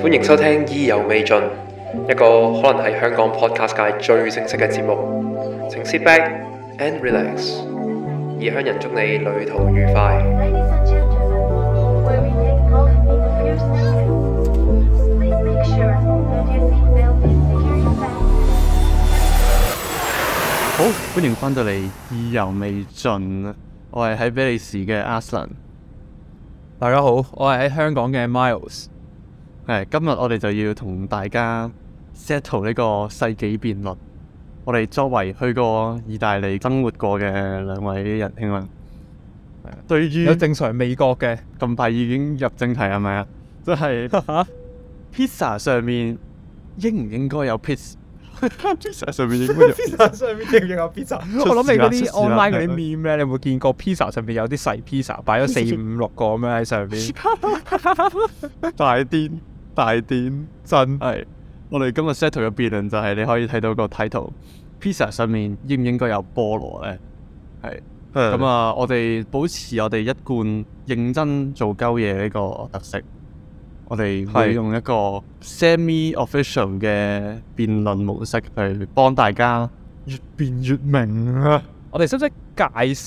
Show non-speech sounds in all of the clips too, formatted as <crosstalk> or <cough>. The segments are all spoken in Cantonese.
歡迎收聽《意猶未盡》，一個可能係香港 podcast 界最正式嘅節目。請 sit back and relax。異鄉人祝你旅途愉快。好，歡迎翻到嚟《意猶未盡》。我係喺比利時嘅 Aslan。大家好，我係喺香港嘅 Miles。誒，今日我哋就要同大家 settle 呢個世紀辯論。我哋作為去過意大利生活過嘅兩位人兄啦，對於有正常味覺嘅，咁快已經入正題係咪啊？即係披薩上面應唔應該有菠蘿？披薩上面應唔應該菠蘿？我諗起嗰啲 online 啲面咧，你有冇見過披薩上面有啲細菠蘿擺咗四五六個咁樣喺上面，大癲。大癲真係！是我哋今日 set 嘅辯論就係你可以睇到個 title，Pizza 上面應唔應該有菠蘿呢？係咁的啊！我哋保持我哋一貫認真做鳩嘢呢個特色，我哋會用一個 semi-official 嘅辯論模式去幫大家越辯越明啊！我哋使唔使介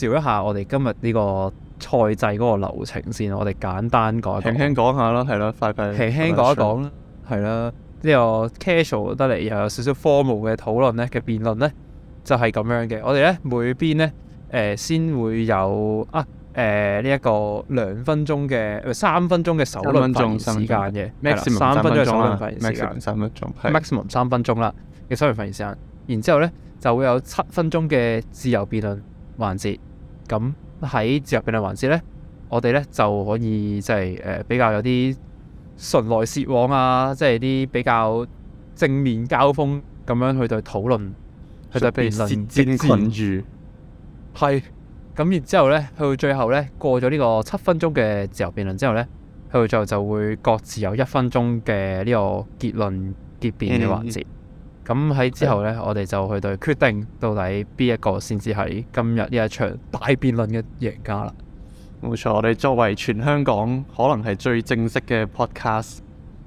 紹一下我哋今日呢個賽制嗰個流程先，我哋簡單講，輕輕講下咯，係咯，快快，輕輕講一講咯，係啦吧，呢吧個 casual 得嚟又有少少 formal 嘅討論咧，嘅辯論咧就係、是、咁樣嘅。我哋咧每邊咧誒先會有啊誒呢一個兩分鐘嘅三分鐘嘅首輪發言時間嘅 maximum 三分鐘啦，maximum 三分鐘，maximum 三分鐘啦，嘅首輪發言時間，然之後咧就會有七分鐘嘅自由辯論環節咁。喺自由辯論環節呢，我哋呢就可以即係誒，比較有啲唇來舌往啊，即係啲比較正面交鋒咁樣去對討論去對辯論，被限制住係咁。然之後呢，去到最後呢，過咗呢個七分鐘嘅自由辯論之後呢，去到最後就會各自有一分鐘嘅呢個結論結辯嘅環節。嗯嗯咁喺之後呢，是的 我哋就去到決定到底邊一個先至係今日呢一場大辯論嘅贏家啦。冇錯，我哋作為全香港可能係最正式嘅 podcast，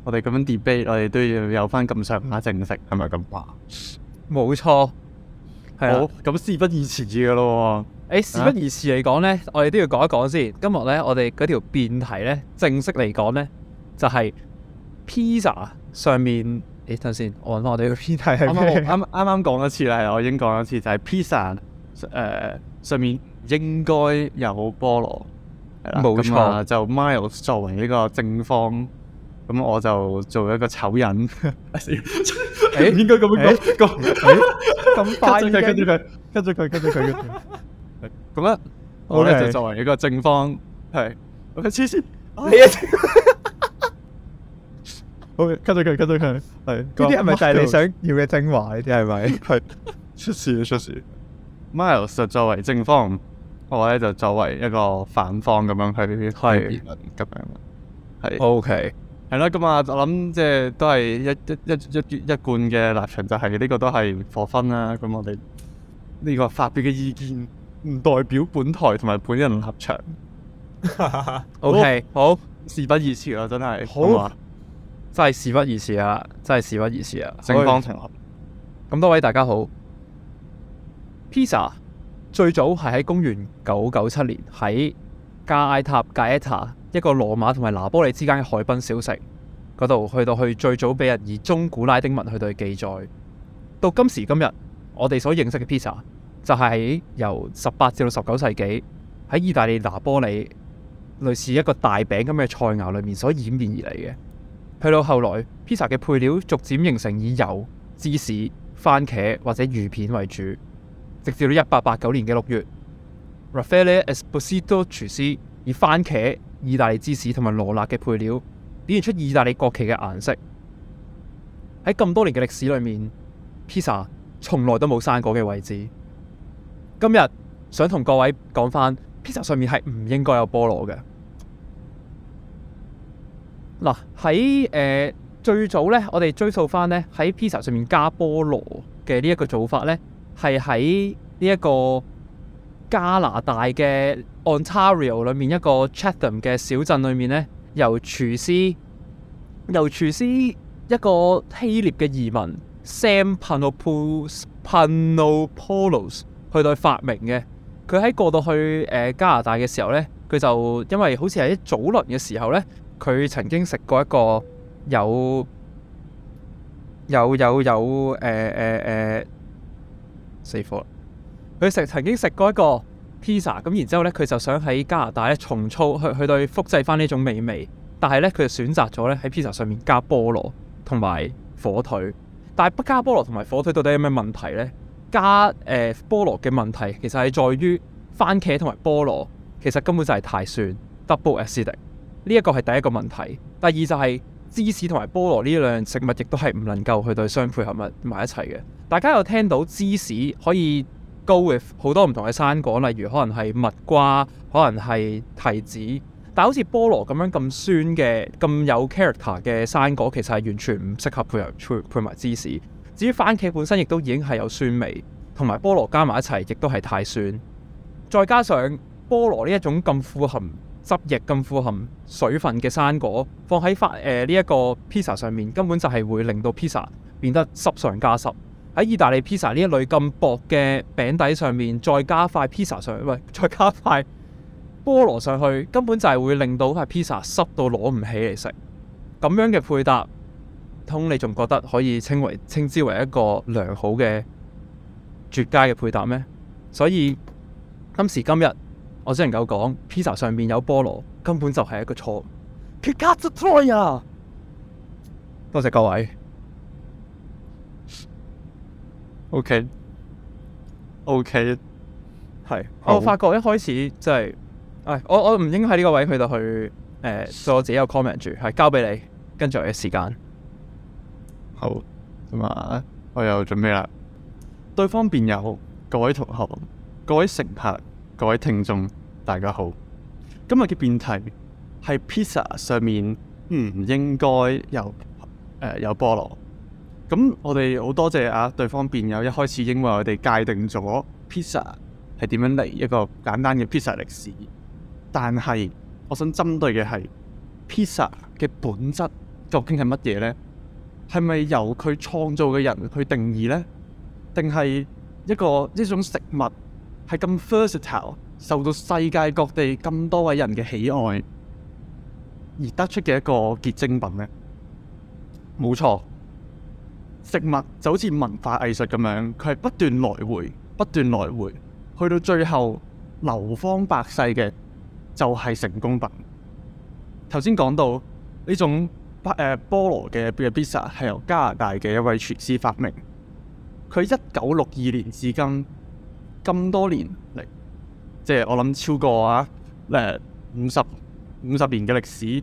我哋咁樣 debate，我哋都要有翻咁上下正式，係咪咁話？冇錯，係好。咁事不宜遲嘅咯喎。事不宜遲嚟講呢，啊、我哋都要講一講先。今日呢，我哋嗰條辯題呢正式嚟講呢，就係、是、Pizza 上面。誒，等先，我搵翻我哋個 P 睇下。啱啱我啱啱講一次啦，我已經講一次，就係披薩誒上面應該有菠蘿，係啦，冇錯錯。就 Miles 作為呢個正方，咁我就做一個醜人。 <laughs> 欸、應該咁樣講，咁、欸欸、快啲，跟住佢，跟住佢，跟住佢嘅。咁啊， <laughs> 我咧 Okay. 就作為一個正方，係我睇好 c 咗佢吸咗佢，係。嗰啲係咪就係你想要嘅精華呢啲係咪？係，出事啊，出事。Miles 就作為正方，我咧就作為一個反方，咁樣去去辯論咁樣。係是。O K，係啦，咁 Okay.、就是這個、啊，我諗即係都係一一一一一貫嘅立場，就係呢個都係火分啦。咁我哋呢個發表嘅意見唔代表本台同埋本人立場。 <laughs> o Okay , K，好，好事不宜遲啊！真係。好。好真係事不宜遲啊！真係事不宜遲啊！正方成立。咁多位大家好。Pizza 最早係喺公元九九七年喺加埃塔加埃塔一個羅馬同埋拿玻里之間嘅海濱小城嗰度去到去最早俾人以中古拉丁文去到記載。到今時今日，我哋所認識嘅 Pizza 就係由十八至到十九世紀喺意大利拿玻里類似一個大餅咁嘅菜肴裏面所演變而嚟嘅。去到後來披薩嘅配料逐漸形成以油、芝士、番茄或者魚片為主。直至到一八八九年嘅六月，Raffaele Esposito 廚師以番茄、意大利芝士同埋羅勒嘅配料，表現出意大利國旗嘅顏色。喺咁多年嘅歷史裏面，披薩從來都冇生果嘅位置。今日想同各位講翻，披薩上面係唔應該有菠蘿嘅。嗱喺、呃、最早咧，我哋追溯翻咧，喺披薩上面加菠蘿嘅呢一個做法咧，係喺呢一個加拿大嘅 Ontario 裏面一個 Chatham 嘅小鎮裏面咧，由廚師，由廚師一個希臘嘅移民 Sam Panopoulos 去到發明嘅。佢喺過到去、呃、加拿大嘅時候咧，佢就因為好似係一早輪嘅時候咧。佢曾經食過一個有有有有誒誒誒死火。佢食曾經食過一個披薩，咁然之後呢，佢就想喺加拿大咧重操，去到複製翻呢種美味。但係呢，佢就選擇咗呢喺披薩上面加菠蘿同埋火腿。但係不加菠蘿同埋火腿到底有咩問題呢？加誒、呃、菠蘿嘅問題其實係在於番茄同埋菠蘿其實根本就係太酸。double acidic 呢一個係第一個問題，第二就係芝士同埋菠蘿呢兩樣食物，亦都係唔能夠去對相配合埋一齊嘅。大家有聽到芝士可以 go with 好多唔同嘅生果，例如可能係蜜瓜，可能係提子，但好似菠蘿咁樣咁酸嘅、咁有 character 嘅生果，其實係完全唔適合配合配埋芝士。至於番茄本身亦都已經係有酸味，同埋菠蘿加埋一齊，亦都係太酸。再加上菠蘿呢一種咁富含汁液，咁富含水分嘅生果放喺發誒呢一個披薩上面，根本就係會令到披薩變得濕上加濕。喺意大利披薩呢一類咁薄嘅餅底上面，再加塊披薩上，喂、哎，再加塊菠蘿上去，根本就係會令到塊披薩濕到攞唔起嚟食。咁樣嘅配搭，通你仲覺得可以稱為稱之為一個良好嘅絕佳嘅配搭咩？所以今時今日。我只能夠講，Pizza 上面有菠蘿，根本就係一個錯。Cut the toy 啊！多謝各位。OK，OK，係。我發覺一開始即係，唉，我我唔應該喺呢個位去到去，誒，做我自己有 comment 住，係交俾你，跟住我嘅時間。好，咁啊，我又準備啦。對方便有各位同學，各位乘客。各位聽眾，大家好。今日嘅辯題係 Pizza 上面唔、嗯、應該有誒、呃、有菠蘿。咁我哋好多謝啊對方辯友，一開始因為我哋界定咗 Pizza 係點樣嚟，一個簡單嘅 Pizza 歷史，但係我想針對嘅係 Pizza 嘅本質究竟係乜嘢呢？係咪由佢創造嘅人去定義呢？定係一個一種食物？係咁 versatile，受到世界各地咁多位人嘅喜愛，而得出嘅一個結晶品呢。冇錯，食物就好似文化藝術咁樣，佢係不斷來回，不斷來回，去到最後流芳百世嘅就係、是、成功品。頭先講到呢種、呃、菠蘿嘅嘅 pizza 係由加拿大嘅一位廚師發明，佢一九六二年至今，咁多年，嚟，即係我諗超過啊，誒五十五十年嘅歷史，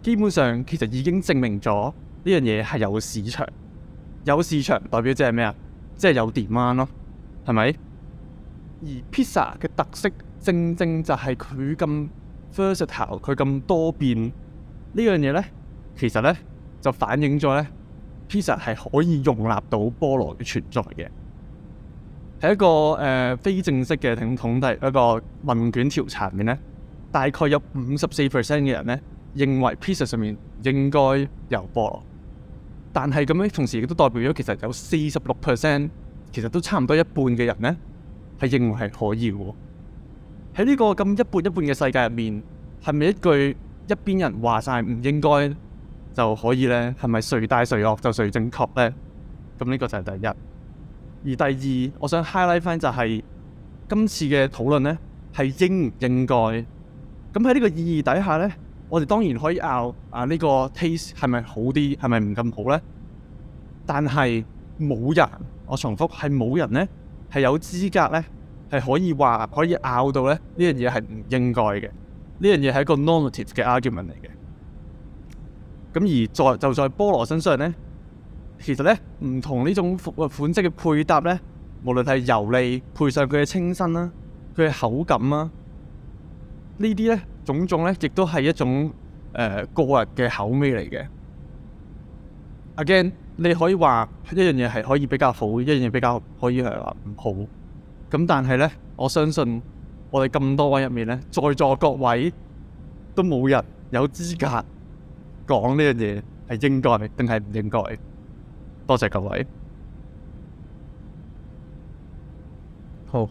基本上其實已經證明咗呢樣嘢係有市場，有市場代表即係咩啊？即係有 demand 咯，係咪？而 pizza 嘅特色正正就係佢咁 versatile，佢咁多變呢樣嘢咧，其實咧就反映咗咧 pizza 係可以容納到菠蘿嘅存在嘅。喺一個誒、呃、非正式嘅統計一個問卷調查入面咧，大概有五十四 percent 嘅人咧認為 pizza 上面應該有菠蘿，但係咁樣，同時亦都代表咗其實有四十六 percent，其實都差唔多一半嘅人呢，係認為係可以喎。喺呢個咁一半一半嘅世界入面，係咪一句一邊人話晒唔應該就可以呢？係咪誰大誰惡就誰正確呢？咁呢個就係第一。而第二，我想 highlight 翻就係、是、今次嘅討論呢係應唔應該？咁喺呢個意義底下呢，我哋當然可以拗啊呢、這個 taste 係咪好啲，係咪唔咁好呢？但係冇人，我重複係冇人呢係有資格呢，係可以話可以拗到呢呢樣嘢係唔應該嘅，呢樣嘢係一個 normative 嘅 argument 嚟嘅。咁而在就在菠蘿身上呢。其實咧，唔同呢種服飾款式嘅配搭咧，無論係油膩配上佢嘅清新啦、啊，佢嘅口感啦、啊，呢啲咧種種咧，亦都係一種誒個人嘅口味嚟嘅。Again，你可以話一樣嘢係可以比較好，一樣嘢比較可以係話唔好。咁但係咧，我相信我哋咁多位入面咧，在座各位都冇人有資格講呢樣嘢係應該定係唔應該。多謝，謝各位。好，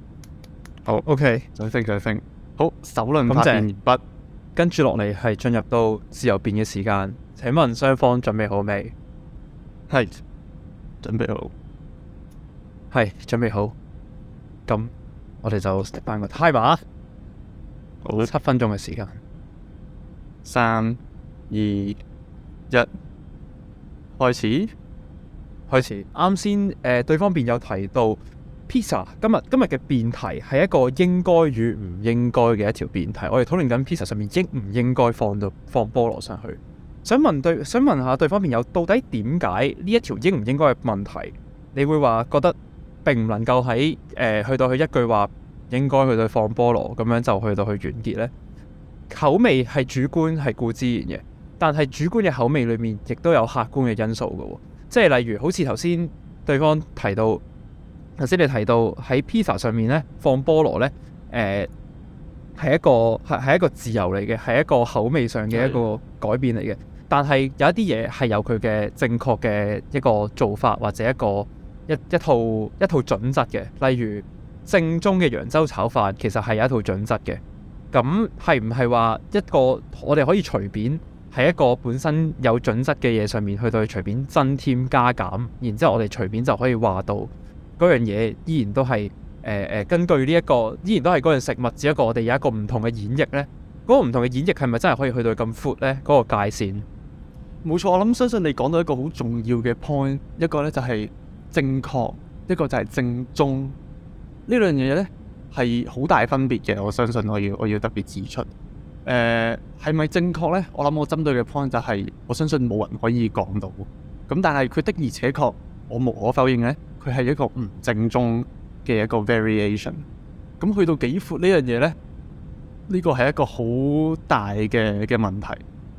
好、oh，OK。再 think，再 think。好，首輪發言完畢，跟住落嚟係進入到自由辯嘅時間。請問雙方準備好未？係，準備好。係，準備好。咁，我哋就定翻個 time。好，七分鐘嘅時間。三、二、一，開始。開始，啱先，誒、呃、對方辯友提到 pizza，今日今日嘅辯題係一個應該與唔應該嘅一條辯題。我哋討論緊 pizza 上面應唔應該放到放菠蘿上去。想問對，想問下對方辯友，到底點解呢一條應唔應該嘅問題？你會話覺得並唔能夠喺誒、呃、去到佢一句話應該去到放菠蘿咁樣就去到去完結呢？口味係主觀係固之然嘅，但係主觀嘅口味裡面亦都有客觀嘅因素嘅喎、哦。即係例如，好似頭先對方提到，頭先你提到喺披薩上面咧放菠蘿咧，誒、呃、係一個係係一個自由嚟嘅，係一個口味上嘅一個改變嚟嘅。但係有一啲嘢係有佢嘅正確嘅一個做法，或者一個一一套一套準則嘅。例如正宗嘅揚州炒飯，其實係有一套準則嘅。咁係唔係話一個我哋可以隨便？喺一個本身有準則嘅嘢上面，去到佢隨便增添加減，然之後我哋隨便就可以話到嗰樣嘢，依然都係誒誒，根據呢一個，依然都係嗰樣食物，只係我哋有一個唔同嘅演繹呢，嗰個唔同嘅演繹係咪真係可以去到咁闊呢？嗰個界線？冇錯，我諗相信你講到一個好重要嘅 point，一個呢就係正確，一個就係正宗。呢兩樣嘢呢係好大分別嘅，我相信我要我要特別指出。誒係咪正確呢？我諗我針對嘅 point 就係，我相信冇人可以講到。咁但係佢的而且確，我無可否認呢，佢係一個唔正宗嘅一個 variation。咁去到幾闊呢樣嘢呢，呢個係一個好大嘅嘅問題。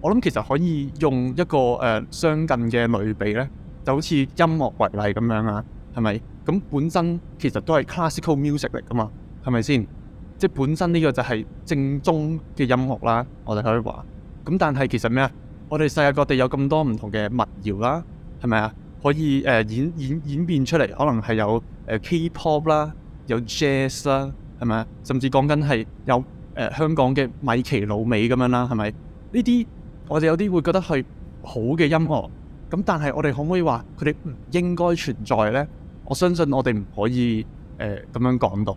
我諗其實可以用一個誒相近嘅類比呢，就好似音樂為例咁樣啊，係咪？咁本身其實都係 classical music 嚟㗎嘛，係咪先？即本身呢個就係正宗嘅音樂啦，我哋可以話。咁但係其實咩啊？我哋世界各地有咁多唔同嘅民謠啦，係咪啊？可以誒、呃、演演演變出嚟，可能係有誒、呃、K-pop 啦，有 Jazz 啦，係咪？甚至講緊係有誒、呃、香港嘅米奇老味咁樣啦，係咪？呢啲我哋有啲會覺得係好嘅音樂。咁但係我哋可唔可以話佢哋唔應該存在咧？我相信我哋唔可以誒咁、呃、樣講到。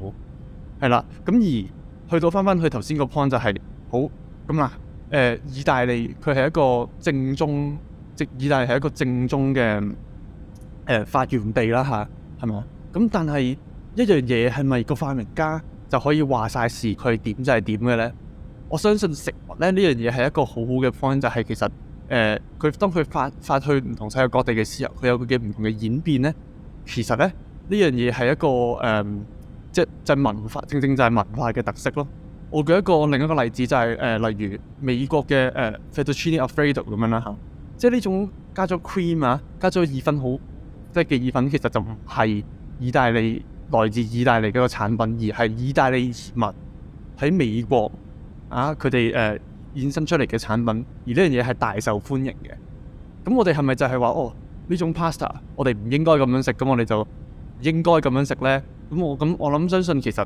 係啦，咁而去到翻翻去頭先個 point 就係、是、好咁啦，誒、呃，意大利佢係一個正宗，即意大利係一個正宗嘅誒發源地啦，吓，係咪啊？咁但係一樣嘢係咪個發明家就可以話晒事，佢點就係點嘅咧？我相信食物咧呢樣嘢係一個好好嘅 point，就係、是、其實佢、呃、當佢發發去唔同世界各地嘅時候，佢有佢嘅唔同嘅演變咧。其實咧呢樣嘢係一個誒。呃即就係文化，正正就係文化嘅特色咯。我舉一個另一個例子，就係，就係誒，例如美國嘅誒、呃、Fettuccine Alfredo 咁樣啦嚇、啊。即係呢種加咗 cream 啊，加咗意粉好即係嘅意粉，其實就唔係意大利來自意大利嗰個產品，而係意大利移民喺美國啊，佢哋誒衍生出嚟嘅產品，而呢樣嘢係大受歡迎嘅。咁我哋係咪就係話哦，呢種 pasta 我哋唔應該咁樣食，咁我哋就應該咁樣食咧？咁我咁諗，相信其實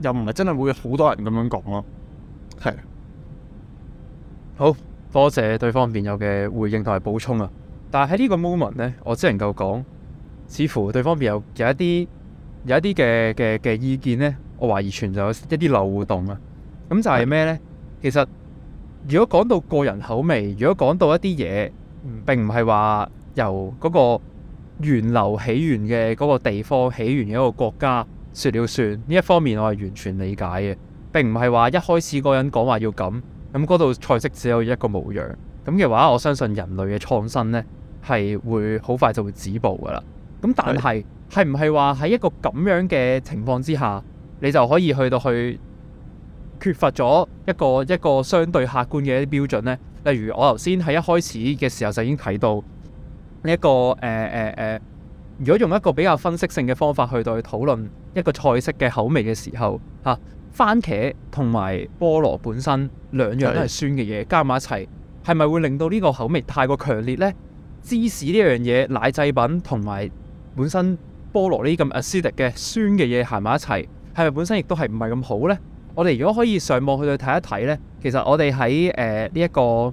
又唔係真係會有好多人咁樣講咯，係，好多謝對方辯友嘅回應同埋補充啊！但係喺呢個 moment 呢，我只能夠講，似乎對方辯友有，有一啲有一啲嘅嘅嘅意見呢，我懷疑存在一啲漏洞啊！咁就係咩呢？的其實如果講到個人口味，如果講到一啲嘢，嗯、並唔係話由嗰、嗰個。源流起源嘅嗰個地方起源嘅一個國家說了算，呢一方面我係完全理解嘅，並唔係話一開始嗰個人講話要咁咁，嗰度菜式只有一個模樣，咁嘅話我相信人類嘅創新咧係會好快就會止步噶啦。咁但係係唔係話喺一個咁樣嘅情況之下，你就可以去到去缺乏咗一個一個相對客觀嘅一啲標準咧？例如我頭先喺一開始嘅時候就已經睇到。呢一個誒誒誒，如果用一個比較分析性嘅方法去對討論一個菜式嘅口味嘅時候，嚇、啊、番茄同埋菠蘿本身兩樣都係酸嘅嘢，加埋一齊係咪會令到呢個口味太過強烈呢？芝士呢樣嘢奶製品同埋本身菠蘿呢啲咁 acidic 嘅酸嘅嘢行埋一齊，係咪本身亦都係唔係咁好呢？我哋如果可以上網去到睇一睇呢，其實我哋喺誒呢一個。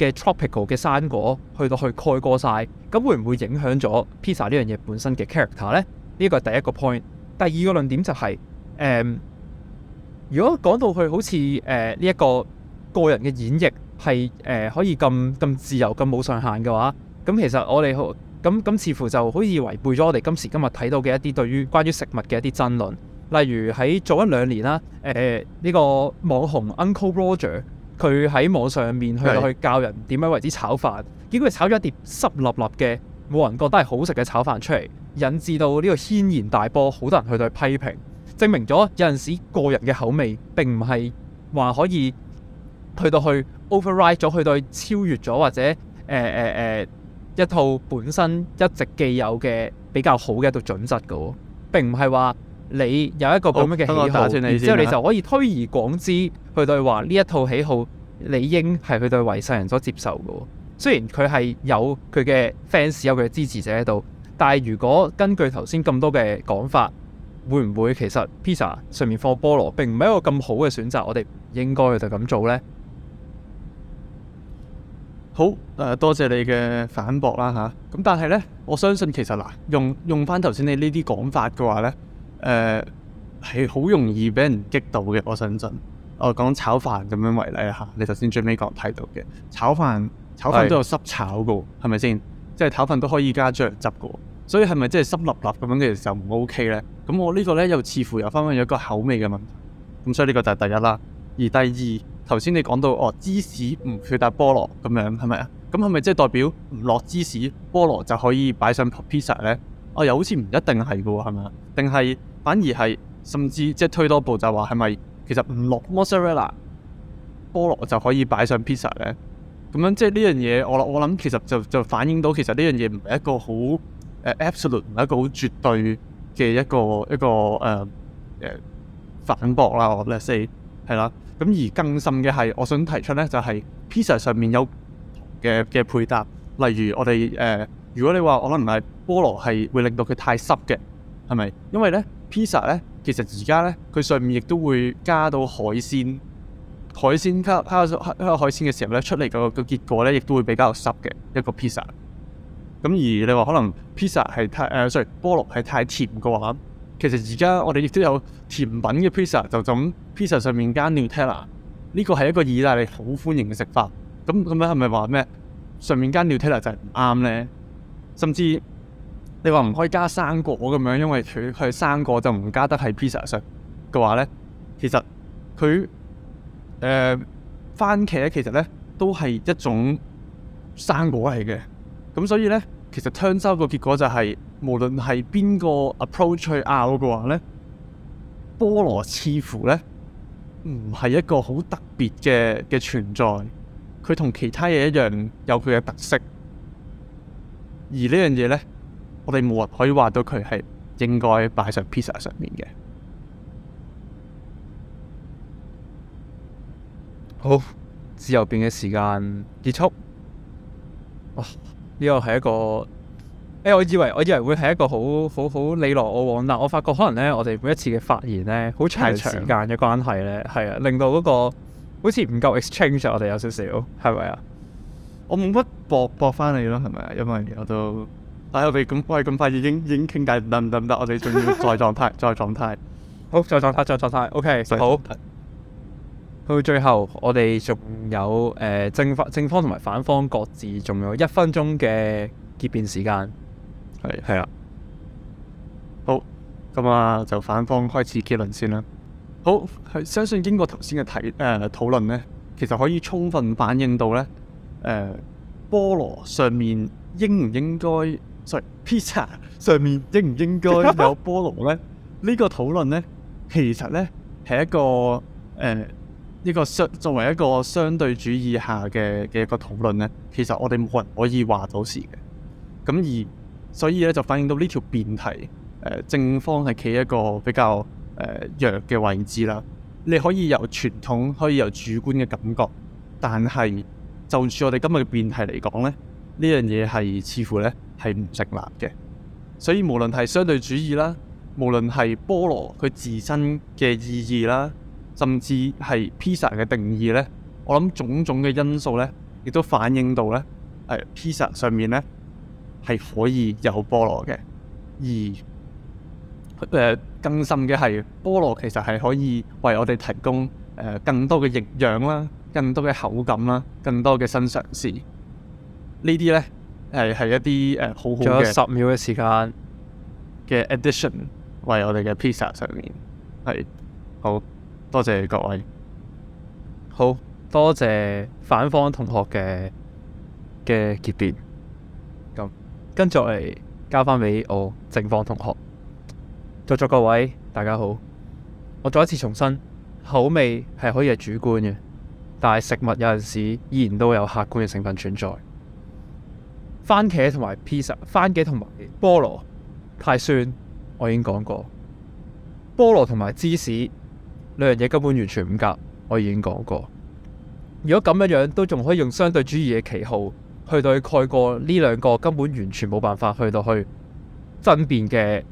嘅 tropical 嘅生果去到去蓋過晒，咁會唔會影響咗 pizza 呢樣嘢本身嘅 character 呢？呢個係第一個 point。第二個論點就係、是、誒、嗯，如果講到去好似誒呢一個個人嘅演繹係誒、呃、可以咁咁自由、咁冇上限嘅話，咁其實我哋好咁咁似乎就好似違背咗我哋今時今日睇到嘅一啲對於關於食物嘅一啲爭論。例如喺早一兩年啦，誒、呃、呢、這個網紅 Uncle Roger。佢喺網上面去到去教人點樣為之炒飯，是結果佢炒咗一碟濕立立嘅，冇人覺得係好食嘅炒飯出嚟，引致到呢個軒然大波，好多人去到去批評，證明咗有陣時個人嘅口味並唔係話可以去到去 override 咗，去到去超越咗或者誒誒誒一套本身一直既有嘅比較好嘅一套準則嘅喎，並唔係話。你有一個咁樣嘅喜好，好好打算你然之後你就可以推而廣之去對話呢一套喜好，理應係佢對維世人所接受嘅。雖然佢係有佢嘅 fans，有佢嘅支持者喺度，但係如果根據頭先咁多嘅講法，會唔會其實 Pizza 上面放菠蘿並唔係一個咁好嘅選擇？我哋應該就咁做呢？好誒、呃，多謝你嘅反駁啦吓，咁但係呢，我相信其實嗱，用用翻頭先你呢啲講法嘅話呢。誒係好容易俾人激到嘅，我相信。我、哦、講炒飯咁樣為例啊，你頭先最尾講睇到嘅炒飯，炒飯都有濕炒嘅喎，係咪先？即係炒飯都可以加醬汁嘅喎，所以係咪即係濕立立咁樣嘅時候唔 OK 咧？咁我這個呢個咧又似乎又翻翻咗一個口味嘅問題，咁所以呢個就係第一啦。而第二，頭先你講到哦，芝士唔取搭菠蘿咁樣係咪啊？咁係咪即係代表唔落芝士菠蘿就可以擺上 pizza 咧？啊、哦，又好似唔一定係嘅喎，係咪啊？定係？反而係，甚至即係推多步就話係咪其實唔落 mozzarella 菠蘿就可以擺上 pizza 咧？咁樣即係呢樣嘢，我我諗其實就就反映到其實呢樣嘢唔係一個好 absolute 唔係一個好絕對嘅一個一個誒誒、呃、反駁啦，我話 say 係啦。咁而更甚嘅係，我想提出咧就係、是、pizza 上面有嘅嘅配搭，例如我哋誒、呃，如果你話可能係菠蘿係會令到佢太濕嘅，係咪？因為咧。pizza 咧，其實而家咧，佢上面亦都會加到海鮮。海鮮加加咗海鮮嘅時候咧，出嚟個個結果咧，亦都會比較濕嘅一個 pizza。咁、嗯、而你話可能 pizza 係太誒、呃、sorry，菠蘿係太甜嘅話，其實而家我哋亦都有甜品嘅 pizza，就咁 pizza 上面加 Nutella 呢個係一個意大利好歡迎嘅食法。咁咁樣係咪話咩，上面加 Nutella 就係唔啱咧？甚至，你話唔可以加生果咁樣，因為佢佢係生果就唔加得喺 pizza 上嘅話咧。其實佢誒、呃、番茄其實咧都係一種生果嚟嘅。咁所以咧，其實 turn out 個結果就係、是、無論係邊個 approach 去拗嘅話咧，菠蘿似乎咧唔係一個好特別嘅嘅存在。佢同其他嘢一樣有佢嘅特色，而這呢樣嘢咧。我哋冇話可以話到佢係應該擺上披薩上面嘅。好，自由變，變嘅時間結束。哇、哦！呢個係一個誒、欸，我以為我以為會係一個好好好你來我往，但我發覺可能咧，我哋每一次嘅發言咧，好長時間嘅關係咧，係啊長，令到嗰個好似唔夠 exchange，我哋有少少係咪啊？我冇乜駁駁翻你咯，係咪？因為我都。啊！我哋咁喂咁快已經已經傾偈，得唔得？我哋仲要再狀態， <laughs> 再狀態。好，再狀態，再狀態。OK 對。好。到正最後，我哋仲有誒、呃、正方正方同埋反方各自仲有一分鐘嘅結辯時間。係係啊。好。咁啊，就反方開始結論先啦。好，係相信經過頭先嘅提誒討論咧，其實可以充分反映到呢誒菠蘿，上面應唔應該？Sorry, pizza 上面應唔應該有菠蘿呢？呢 <laughs> 個討論呢，其實呢，係一個誒、呃、一個相作為一個相對主義下嘅嘅一個討論呢。其實我哋冇人可以話到事嘅。咁而，所以咧就反映到呢條辯題誒、呃、正方係企喺一個比較、呃、弱嘅位置啦。你可以由傳統，可以由主觀嘅感覺，但係就住我哋今日嘅辯題嚟講呢，呢樣嘢係似乎呢，係唔成立嘅，所以無論係相對主義啦，無論係菠蘿佢自身嘅意義啦，甚至係 pizza 嘅定義呢，我諗種種嘅因素呢，亦都反映到呢，係、呃、pizza 上面呢，係可以有菠蘿嘅，而、呃、更甚嘅係菠蘿其實係可以為我哋提供更多嘅營養啦，更多嘅口感啦，更多嘅新嘗試，呢啲呢。係一啲誒、呃、好好嘅，仲有十秒嘅時間嘅 addition，為我哋嘅 pizza 上面係好多謝各位，好多謝反方同學嘅嘅結辯。咁、嗯、跟住嚟交翻俾我正方同學。在座各位大家好。我再一次重申，口味係可以係主觀嘅，但係食物有陣時依然都有客觀嘅成分存在。蕃茄同埋 pizza，蕃茄同埋菠蘿太酸，我已經講過。菠蘿同埋芝士兩樣嘢根本完全唔夾，我已經講過。如果咁樣樣都仲可以用相對主義嘅旗號去對蓋過呢兩個根本完全冇辦法去到去爭辯嘅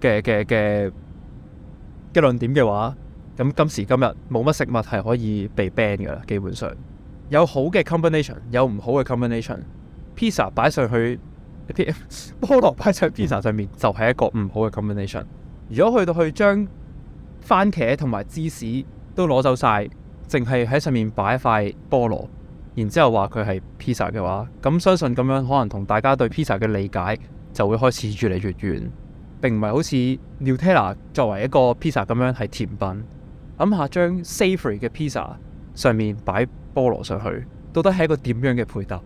嘅嘅嘅嘅論點嘅話，咁今時今日冇乜食物係可以被 ban 嘅啦。基本上有好嘅 combination，有唔好嘅 combination。披薩擺上去，菠蘿擺在披薩上面就係一個唔好嘅 combination。如果去到去將番茄同埋芝士都攞走晒，淨係喺上面擺塊菠蘿，然之後話佢係披薩嘅話，咁相信咁樣可能同大家對披薩嘅理解就會開始越嚟越遠。並唔係好似 Nutella 作為一個披薩咁樣係甜品。諗下將 savory 嘅披薩上面擺菠蘿上去，到底係一個點樣嘅配搭？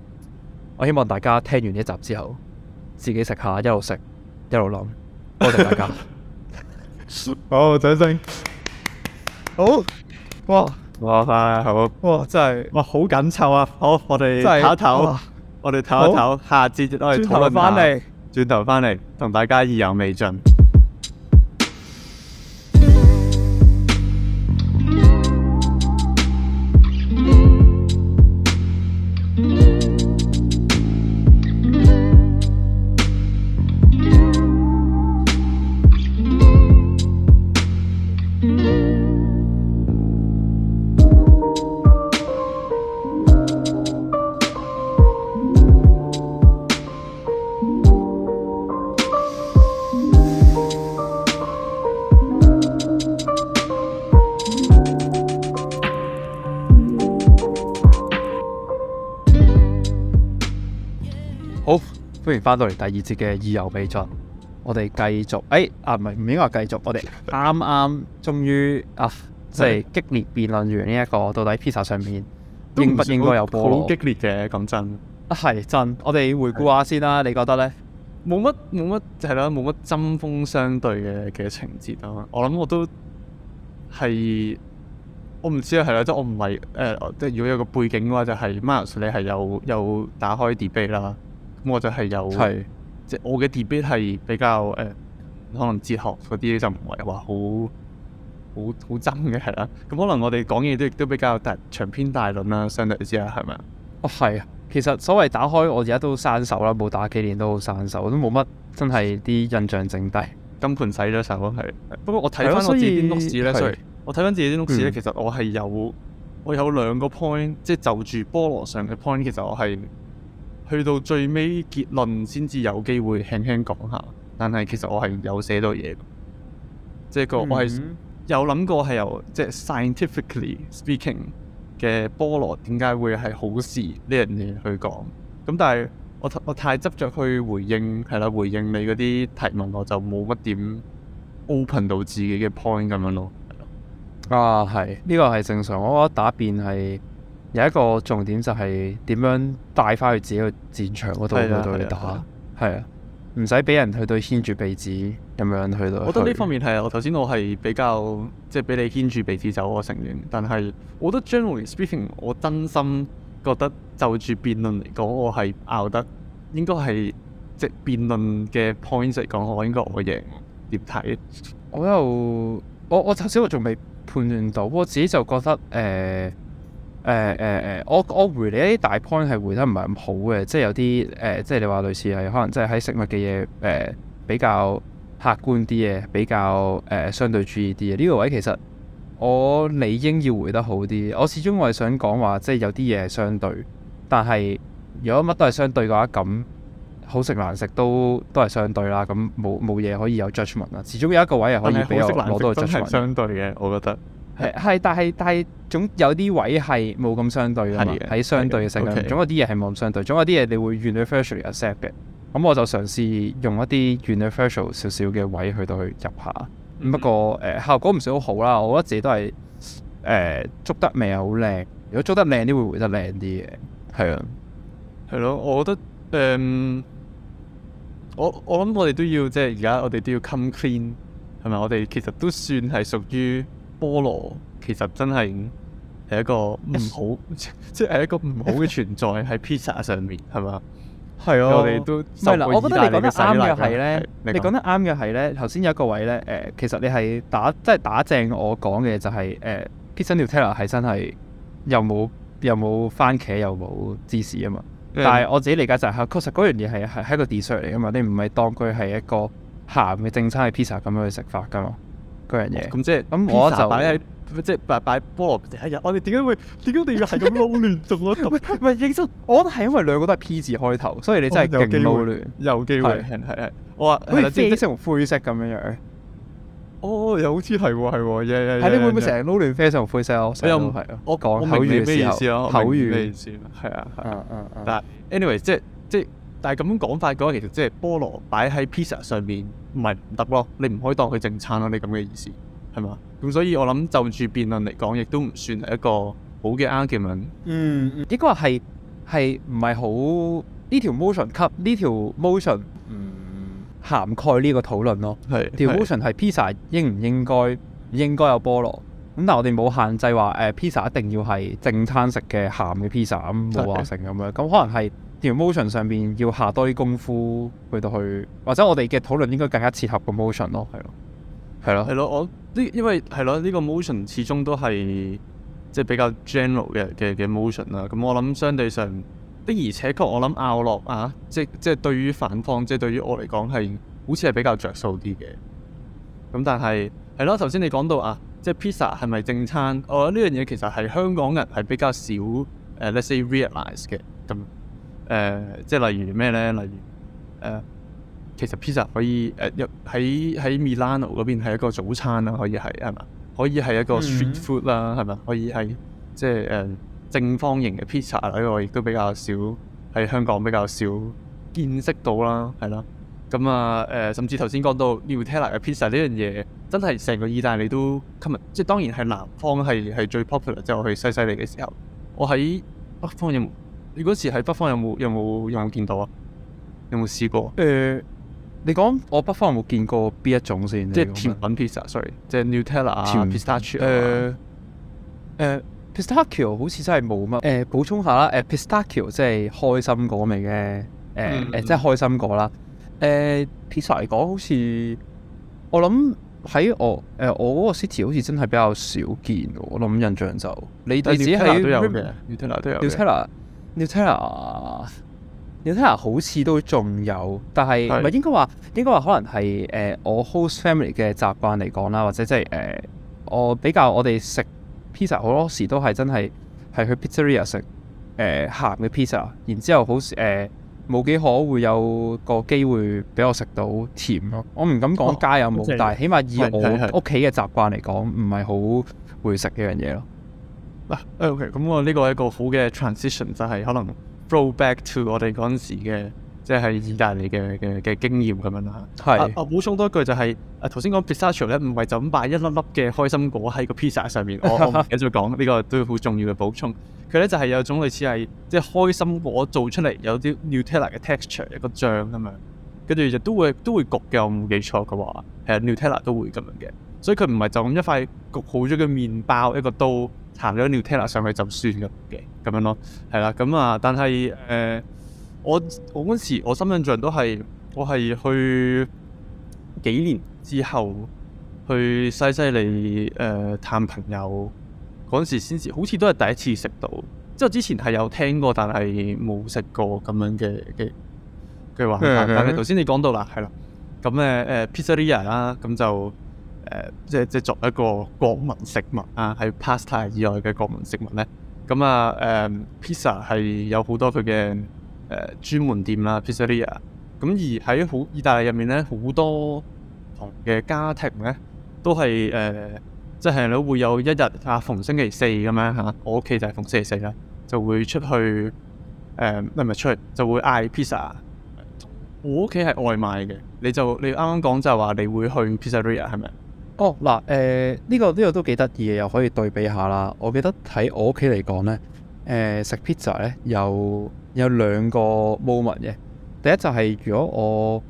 我希望大家聽完呢一集之後，自己食下，一路食，一路諗。多謝,謝大家。 <laughs> 好掌聲。好，哇，哇翻嚟好。哇，真係哇，好緊湊啊！好，我哋唞是一唞，啊、我哋唞一唞，好下集我哋討論翻嚟，轉頭翻嚟同大家意猶未盡。翻到嚟第二節嘅意猶未盡，我哋繼續，哎啊，唔係唔應該話繼續，我哋啱啱終於啊，即係激烈辯論完呢一個到底披薩上面應不應該有菠蘿，好激烈嘅講真，啊係真，我哋回顧下先啦，是你覺得咧？冇乜冇乜係啦，冇乜針鋒相對嘅嘅情節啊，我諗我都係我唔知啊，係啦，即係我唔係誒，即係如果有個背景嘅話，就係 Mark 你係有有打開 debate 啦。咁我就係有，是即係我嘅 debate 係比較誒、呃，可能哲學嗰啲就唔係話好好好憎嘅係啦。咁可能我哋講嘢都亦都比較大長篇大論啦，相對之下係咪啊？哦，係啊。其實所謂打開我而家都散手啦，冇打幾年都好散手，都冇乜真係啲是印象剩低。金盆洗咗手係、啊，不過我睇翻、啊、我自己啲 notes 咧，啊、我睇翻自己啲 notes 咧，啊、其實我係有、嗯、我有兩個 point，即係就住菠蘿上嘅 point，其實我係。去到最尾結論先至有機會輕輕講下，但係其實我係有寫到嘢，即係個我係、嗯、有諗過係由即係 scientifically speaking 嘅菠蘿點解會係好事呢樣嘢去講。咁但係我，我太執着去回應係啦，回應你嗰啲提問，我就冇乜點 open 到自己嘅 point 咁樣咯。係啊，係呢、呢個係正常，我覺得打辯係。有一個重點就係點樣帶翻去自己個戰場嗰度去打，係啊，唔使俾人去到牽住鼻子咁樣去到去。我覺得呢方面係啊，我頭先我係比較即係俾你牽住鼻子走個成員，但係我覺得 generally speaking，我真心覺得就住辯論嚟講，我係拗得應該係即辯論嘅 point 嚟講，我應該我贏。點睇？我又我才我頭先我仲未判斷到，我自己就覺得誒。欸誒誒誒，我我回你啲大 point 係回得唔係咁好嘅，即係有啲誒、呃，即係你話類似係可能即係喺食物嘅嘢誒，比較客觀啲嘅，比較誒、呃、相對主義啲嘅呢個位其實我理應要回得好啲，我始終我係想講話，即係有啲嘢係相對，但係如果乜都係相對嘅話，咁好食難食都都係相對啦，咁冇冇嘢可以有 judgment 啊，始終有一個位又可以比較攞到質素，真係相對嘅，我覺得。係但係但係，總有啲位係冇咁相對噶嘛。喺的相對嘅世界，okay、總有啲嘢係冇咁相對，總有啲嘢你會 universal accept 嘅。咁我就嘗試用一啲 universal 少少嘅位去到去入下，嗯、不過誒、呃、效果唔算好好啦。我覺得自己都係誒、呃、捉得未好靚。如果捉得靚啲，會會得靚啲嘅。係啊，係咯。我覺得誒、嗯，我我諗我哋都要即係而家我哋都要 come clean，係咪？我哋其實都算係屬於。菠蘿其實真係係一個唔好，即係 Yes. <laughs> 一個唔好嘅存在喺 pizza 上面，係嘛 <laughs> 吧？係啊，我哋都我覺得你講得啱嘅係咧，吧你講得啱嘅係咧，頭先有一個位咧，誒、呃，其實你係打即係、就是、打正我講嘅、就是，就係誒，Pizza Nutella 係真係又冇又冇番茄又冇芝士啊嘛。Yeah. 但係我自己理解就係、是，確實嗰樣嘢係係係一個 dessert 嚟噶嘛，你唔係當佢係一個鹹嘅正餐嘅 pizza 咁樣去食法噶嘛。嗰樣嘢，咁即係，咁我就即係擺擺菠蘿第一日，我哋點解會點解我哋要係咁撈亂咗？唔係，唔係，應真，我覺得係因為兩個都係 P 字開頭，所以你真係勁撈亂，有機會，係係係。我話灰色同灰色咁樣樣，哦，又好似係喎，係喎，係係。你會唔會成日撈亂啡色同灰色咯？我又係，我講口語咩意思？口語咩意思？係啊，係啊，但 anyway，即係即係但係咁講法嘅話，其實即係菠蘿擺喺 pizza 上面唔係唔得咯，你唔可以當佢正餐咯。你咁嘅意思係嘛？咁所以我諗就住辯論嚟講，亦都唔算係一個好嘅 argument，嗯。嗯，應該係係唔係好呢條 motion 吸呢條 motion、嗯、涵蓋呢個討論咯。係條 motion 係 pizza 應唔應該應該有菠蘿咁，但係我哋冇限制話誒 pizza 一定要係正餐食嘅鹹嘅 pizza 咁冇話成咁樣，咁是可能係。條 motion 上面要下多啲功夫去到去，或者我哋嘅討論應該更加切合個 motion 咯，係咯，係咯，係咯，我啲因為係咯，呢、這個 motion 始終都係即係比較 general 嘅嘅嘅 motion 啦、啊。咁、嗯、我諗相對上的而且確，我諗拗落啊，即即係對於反方，即係對於我嚟講係好似係比較着數啲嘅。咁、嗯、但係係咯，頭先你講到啊，即係 pizza 係咪正餐？我覺得呢樣嘢其實係香港人係比較少誒、啊、let’s say realize 嘅咁。嗯誒、呃，即係例如咩咧？例如誒、呃，其實 pizza 可以誒入、呃、喺喺 Milano 嗰邊係一個早餐啦，可以係係嘛？可以係一個 street food 啦，係咪、mm hmm.？可以係即係誒、呃、正方形嘅 pizza 呢個亦都比較少喺香港比較少見識到啦，係啦。咁啊誒，甚至頭先講到 Nutella 嘅 pizza 呢樣嘢，真係成個意大利都今日即係當然係南方係係最 popular。即係我去西西利嘅時候，我喺北方有冇？你嗰時喺北方有冇有冇有冇見到啊？有冇試過？誒、呃，你講我北方有冇見過邊一種先？即係甜品 pizza，sorry，即係 Nutella 啊甜 pistachio、呃呃、pistachio 好似真係冇乜。誒，補充下啦。誒，pistachio 即係開心果味嘅。誒誒、嗯，即係、呃就是、開心果啦。誒，pizza 嚟講好似我諗喺、哦、我誒我嗰個 city 好似真係比較少見。我諗印象就，你 Nutella 自己 e 都有都有 Nutella，Nutella 好似都仲有，但係唔係應該話，應該話可能係誒、呃、我 host family 嘅習慣嚟講啦，或者即係誒我比較我哋食 pizza 好多時都係真係係去 pizzeria 食誒鹹、呃、嘅 pizza，然之後好似誒冇、呃、幾可會有個機會俾我食到甜咯。我唔敢講街有冇，哦、謝謝但係起碼以我屋企嘅習慣嚟講唔係好會食呢樣嘢咯。OK，咁我呢個係一個好嘅 transition，就係可能 throw back to 我哋嗰陣時嘅，即係意大利嘅嘅嘅經驗咁樣啦。係，我補充多一句就係，誒頭先講 pistachio 咧，唔係就咁擺一粒粒嘅開心果喺個 pizza 上面。我唔記得再講呢個都好重要嘅補充。佢咧就係有種類似係即係開心果做出嚟有啲 Nutella 嘅 texture，一個醬咁樣，跟住就都會都會焗嘅。我冇記錯嘅話，係 Nutella 都會咁樣嘅。所以佢唔係就咁一塊焗好咗嘅麵包，一個刀行咗條聽落上去就算咁嘅，咁樣咯，係啦，咁啊，但係誒、呃，我我嗰時我深印象都係我係去幾年之後去西西里誒、呃、探朋友，嗰時先至好似都係第一次食到，即係之前係有聽過，但係冇食過咁樣嘅嘅嘅話，嗯嗯但係頭先你講到啦，係啦，咁誒誒 pizzeria 啦，咁、呃、就。誒即係即係作為一個國民食物啊，喺 pasta 以外嘅國民食物咧。咁啊誒、嗯、pizza 係有好多佢嘅誒專門店啦，pizzeria。咁、嗯、而喺好意大利入面咧，好多同嘅家庭咧，都係誒，即係你會有一日啊，逢星期四咁樣嚇，我屋企就係逢星期四啦，就會出去誒，唔、嗯、係出去，就會嗌 pizza。我屋企係外賣嘅，你就你啱啱講就係話你會去 pizzeria 係咪？哦嗱，誒呢、oh, 呃這個呢、這個都幾得意嘅，又可以對比下啦。我記得喺我屋企嚟講呢，誒、呃、食 pizza 呢有有兩個 moment 嘅。第一就係如果我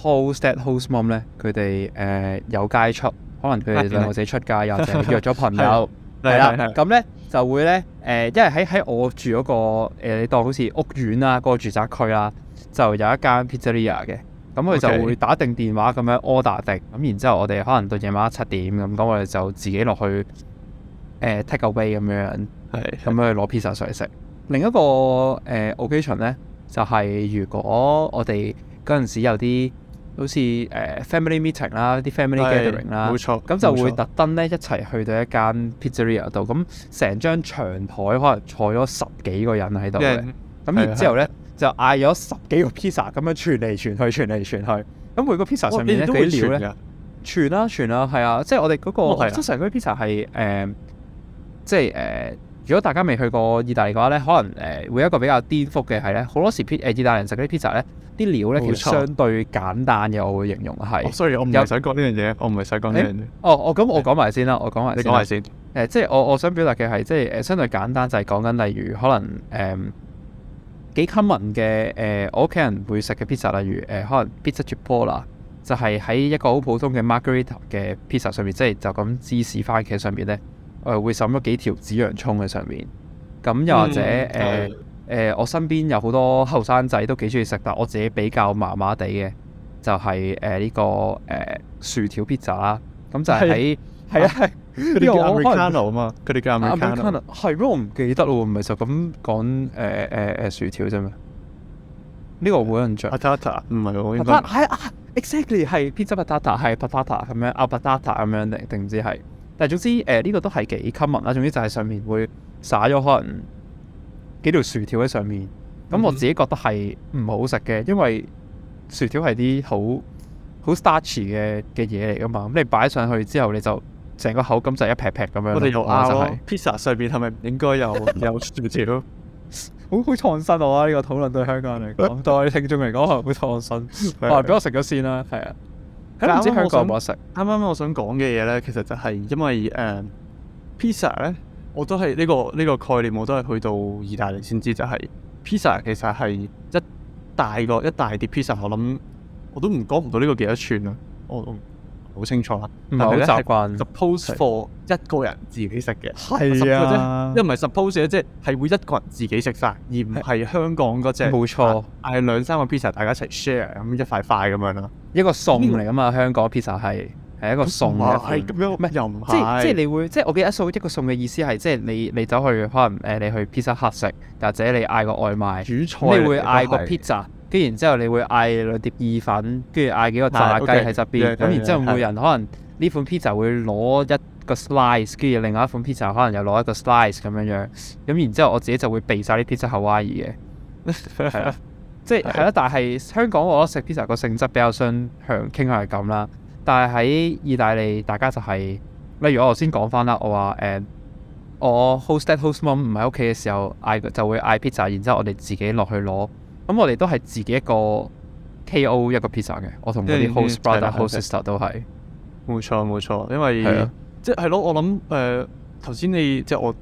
host at host mom 呢，佢哋誒有街出，可能佢哋兩個仔出街又成 <laughs> 約咗朋友係啦，咁、 <laughs> 啊、呢就會呢，誒、呃，因為喺喺我住嗰、那個、呃、你當好似屋苑啊，嗰、那個住宅區啦、啊，就有一間 pizzeria 嘅。咁佢就會打定電話咁樣 order 定，咁 Okay. 然之後我哋可能到夜晚七點咁，咁我哋就自己落去誒、呃、take away 咁樣，係咁 <laughs> 去攞 pizza 上嚟食。另一個誒、呃、occasion 咧，就係、是、如果我哋嗰陣時有啲好似誒、呃、family meeting 啦，啲 family gathering 啦，冇錯，咁就會特登咧錯一齊去到一間 pizzeria 度，咁成張長台可能坐咗十幾個人喺度。Yeah. 咁然之後咧，是的 就嗌咗十幾個 pizza，咁樣傳嚟傳去，傳嚟傳去。咁每個 pizza 上面呢、哦、都幾料咧？傳啦，傳啦，係啊，即係我哋嗰個通常嗰啲 pizza 係誒，即係誒、那個哦呃呃。如果大家未去過意大利嘅話咧，可能誒、呃、會一個比較顛覆嘅係咧，好多時 p、呃、意大利人食嗰啲 pizza 咧，啲料咧其實錯相對簡單嘅。我會形容係，所以、哦、我唔想講呢樣嘢，有我唔係想講呢樣嘢。哦，我咁誒我講埋先啦，我講埋先。你講埋先。誒，即係我我想表達嘅係，即係誒、呃、相對簡單，就係講緊例如可能誒。呃幾 common 嘅誒，我屋企人會食嘅 pizza，例如誒、呃，可能 pizza t r i p l a 就係喺一個好普通嘅 Margherita 嘅 pizza 上面，即係就咁、是、芝士番茄上面咧，我、呃、係會揼咗幾條紫洋葱喺上面。咁又或者誒誒，我身邊有好多後生仔都幾中意食，但我自己比較麻麻地嘅，就係誒呢個誒、呃、薯條 pizza 啦。咁就喺係 <noise> 啊係，佢哋叫 Americano 啊嘛，佢哋叫 Americano 係我唔記得咯，唔係就咁講誒誒誒薯條啫嘛。呢、這個冇人着，patata 唔係喎，應該係啊,打打打打啊，exactly 係 pizza patata 係 patata 咁樣，patata 咁樣定定唔知係，但係總之誒呢、呃這個都係幾 common 啦。總之就係上面會撒咗可能幾條薯條喺上面，咁我自己覺得係唔好食嘅，因為薯條係啲好好 starchy 嘅嘅嘢嚟噶嘛，咁你擺上去之後你就～成個口感就係一劈劈咁樣，我哋又拗咯。啊、pizza 上邊係咪應該有有薯條？好好創新啊！呢、這個討論對香港人嚟講， <laughs> 對我啲聽眾嚟講係好創新。來 <laughs> 的，俾我食咗先啦，係啊。香港冇得食。啱啱但 剛我，我想講嘅嘢咧，其實就係因為誒、uh, pizza 咧，我都係呢、這個呢、這個概念，我都係去到意大利先知，就係、是、pizza 其實係一大個一大碟 pizza。我諗我都唔講唔到呢個幾多寸啊！我。我好清楚啦，唔係好習慣。Suppose for 一個人自己食嘅，係啊，一唔係 suppose 咧，即係會一個人自己食飯，而唔係香港嗰隻。冇錯，嗌兩三個 pizza 大家一齊 share 咁一塊塊咁樣咯。一個餸嚟㗎嘛，香港 pizza 係係一個餸嘅，係咁樣，咩又唔係，即係你會，即係我記得一數個餸嘅意思係，即係你你走去可能誒你去 pizza hut 食，或者你嗌個外賣，你會嗌個 pizza。跟然之後你會嗌兩碟意粉，跟住嗌幾個炸雞喺側邊。咁然之後每人可能呢款 pizza 會攞一個 slice，跟住另外一款 pizza 可能又攞一個 slice 咁樣樣。咁然之後我自己就會避晒啲 pizza Hawaii 嘅，即係係啦。但係香港我覺得食 pizza 個性質比較雙向傾向係咁啦。但係喺意大利大家就係、是，例如我頭先講翻啦，我話誒、呃，我 host dad host mom 唔喺屋企嘅時候嗌就會嗌 pizza，然之後我哋自己落去攞。咁我哋都係自己一個 KO 一個 pizza 嘅，我同嗰啲 host brother、host sister 都係，冇錯冇錯，因為是的 即係咯，我諗誒頭先你即係我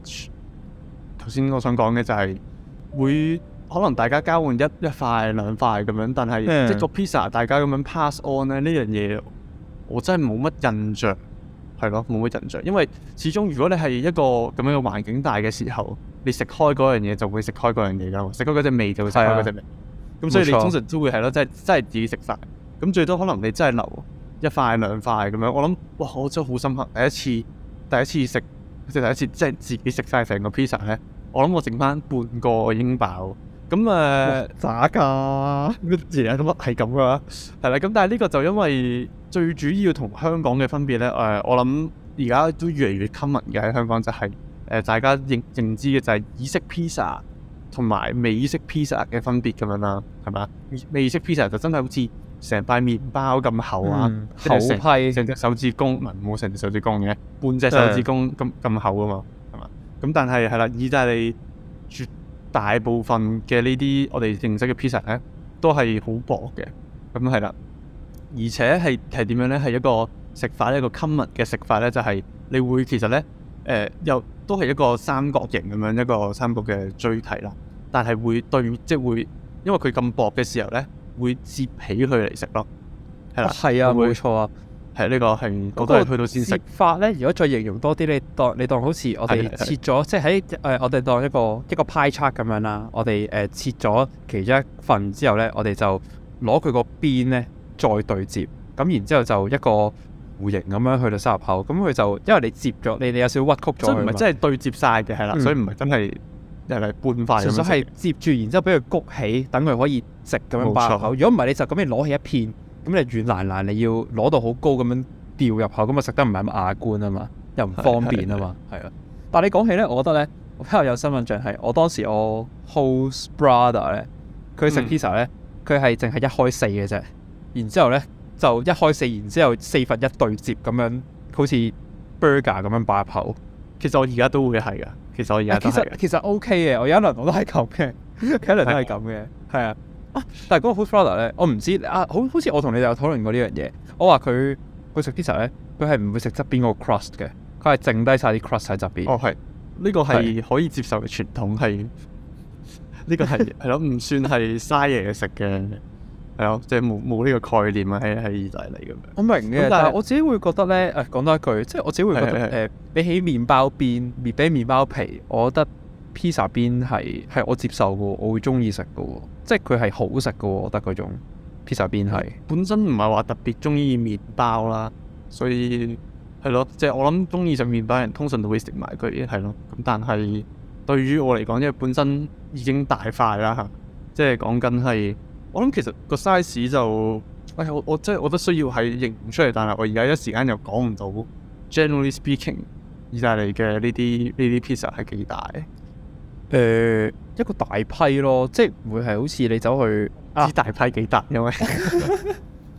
頭先我想講嘅就係會可能大家交換一一塊兩塊咁樣，但係是的 即個 pizza 大家咁樣 pass on 咧呢樣嘢，我真係冇乜印象。係咯，冇咩印象，因為始終如果你係一個咁樣嘅環境大嘅時候，你食開嗰樣嘢就會食開嗰樣嘢㗎，食開嗰隻味就會食開嗰隻味。咁的所以你通常都會係咯，即係錯真係自己食晒。咁最多可能你真係留一塊兩塊咁樣。我諗哇，我真係好深刻，第一次第一次食即係第一次即係自己食晒成個 pizza 咧。我諗我剩翻半個，我已經飽。咁誒打價乜嘢咁啊？係咁噶啦，係啦。咁但係呢個就因為最主要同香港嘅分別咧，誒、呃、我諗而家都越嚟越 common 嘅喺香港就係、是、誒、呃、大家認認知嘅就係意式 pizza 同埋美式 pizza 嘅分別咁樣啦，係嘛？美式 pizza 就真係好似成塊麵包咁厚啊，嗯、厚批，成隻手指公唔好成隻手指公嘅，半隻手指公咁咁、嗯、厚啊嘛，係嘛？咁但係係啦，意大利絕。大部分嘅呢啲我哋認識嘅 pizza 咧，都係好薄嘅，咁係啦，而且係係點樣咧？係一個食法，一個 common 嘅食法咧，就係、是、你會其實咧，誒、呃、又都係一個三角形咁樣一個三角嘅椎體啦，但係會對，即係會，因為佢咁薄嘅時候咧，會摺起佢嚟食咯，係啦，係啊，冇的會錯啊。係呢個係嗰個。食法咧，如果再形容多啲，你當你當，你當好似我哋切咗，即係喺誒，我哋當一個一個 pie chart 咁樣啦。我哋誒、呃、切咗其中一份之後咧，我哋就攞佢個邊咧再對接，咁然之後就一個弧形咁樣去到三入口。咁佢就因為你接咗，你哋有少少屈曲咗。所以唔係真係對接晒嘅，係啦，所以唔係真係誒半塊。其實係接住，然之後俾佢谷起，等佢可以直咁樣八口。如果唔係，你就咁樣攞起一片。咁你軟爛爛，你要攞到好高咁樣掉入口，咁啊食得唔係咁雅觀啊嘛，又唔方便啊嘛，係啊是的 的。但係你講起咧，我覺得咧，我比較有新印象係，我當時我 house brother 咧，佢食 pizza 咧，佢係淨係一開四嘅啫。然之後咧就一開四，然之後四份一對接咁樣，好似 burger 咁樣擺入口。其實我而家都會係噶，其實我而家、啊、其實、啊、其實 OK 嘅，我有一輪我都係咁嘅，一輪 <laughs> 都係咁嘅，係啊的。的但係嗰個 food 咧，我唔知啊，好好似我同你哋有討論過呢樣嘢。我話佢佢食 pizza 咧，佢係唔會食側邊嗰個 crust 嘅，佢係剩低晒啲 crust 喺側邊。哦，係呢、呢個係可以接受嘅傳統，係呢、呢個係係咯，唔 <laughs> 算係嘥嘢食嘅，係咯，即係冇冇呢個概念啊，喺喺意大利咁樣。我明嘅，但係我自己會覺得咧，誒講多一句，即係我自己會覺得誒比起麵包邊，比麵包皮，我覺得。披薩邊係係我接受嘅，我會中意食嘅，即係佢係好食嘅。我覺得嗰種 Pizza 邊係本身唔係話特別中意麵包啦，所以係咯，即係、就是、我諗中意食麵包人通常都會食埋佢，係咯。咁但係對於我嚟講，因為本身已經大塊啦，即係講緊係我諗其實個 size 就喂、哎、我我即係我覺得需要係認出嚟，但係我而家一時間又講唔到。Generally speaking，意大利嘅呢啲呢啲 Pizza 係幾大？誒、呃，一個大批咯，即係唔會係好似你走去知、啊、大批幾大？咁樣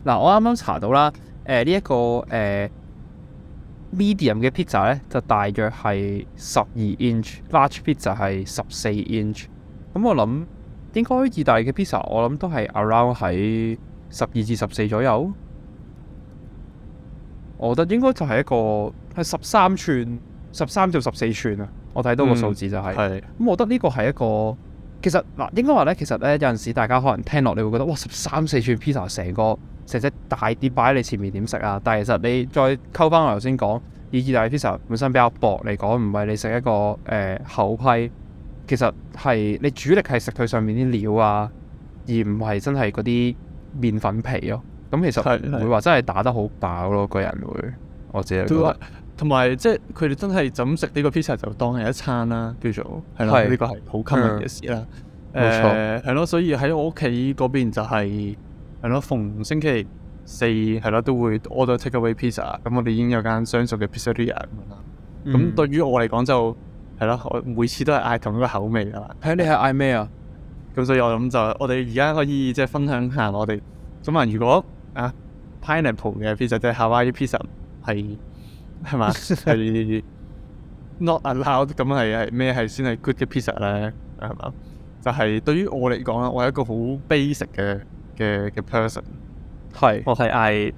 嗱，我啱啱查到啦，誒、呃這個呃、呢一個誒 medium 嘅 pizza 咧就大約係十二 inch，large pizza 係十四 inch。咁我諗應該意大利嘅 pizza，我諗都係 around 喺十二至十四左右。我覺得應該就係一個係十三寸，十三至十四寸啊。我睇到個數字就係、是，咁、嗯嗯、我覺得呢個係一個其實嗱，應該話呢。其實呢，有陣時大家可能聽落，你會覺得哇，十三四寸 pizza 成個成隻大碟擺喺你前面點食啊？但係其實你再溝翻我頭先講，以意大利 pizza 本身比較薄嚟講，唔係你食一個誒厚批，其實係你主力係食佢上面啲料啊，而唔係真係嗰啲麵粉皮咯、啊。咁、嗯、其實唔會話真係打得好飽咯、啊，個人會，我自同埋即係佢哋真係就咁食呢個 pizza 就當係一餐啦，叫做係啦，呢是個係好吸引嘅事啦。誒係咯，所以喺我屋企嗰邊就係係咯，逢星期四係咯都會 order take away pizza。咁我哋已經有間相熟嘅 pizzeria 咁樣啦。咁、嗯、對於我嚟講就係咯，我每次都係嗌同一個口味噶啦。係、嗯、你係嗌咩啊？咁所以我諗就我哋而家可以即係、就是、分享下我哋。咁啊，如果啊 pineapple 嘅 pizza 即係夏威夷 pizza 係。係嘛？係 not allowed 咁係係咩？係先係 good 嘅 pizza 咧？係嘛？就係、是、對於我嚟講啦，我係一個好 basic 嘅嘅嘅 person。係是我係嗌，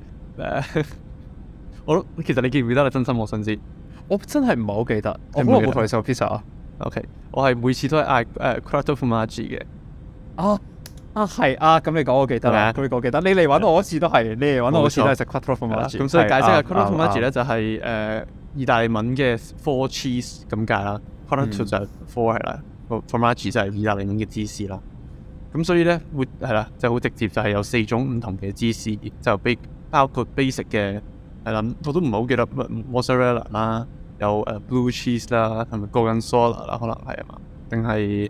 <laughs> 我其實你記唔記得？你真心我想知，我真係唔係好記得。我冇同你食 pizza。 <laughs> 我 <laughs> OK，我係每次都係嗌誒 crudo di formaggio 嘅。啊！啊，係啊，咁、嗯、你講我記得啦，佢講吧、嗯、記得。你嚟搵我一次都係，是的你嚟搵我一次都係食 quattro formaggi、um。咁所以解釋下 quattro formaggi 咧就係誒意大利文嘅 four cheese 咁解啦。quattro 就 four 係啦，formaggi 就係意大利文嘅芝、嗯啊就是、士啦。咁所以咧會係啦，就好直接就係、是、有四種唔同嘅芝士，就包括 basic 嘅係啦，我都唔係好記得 mozzarella 啦，有 blue cheese 啦，係咪 grana salata 啦，可能係啊嘛，定係。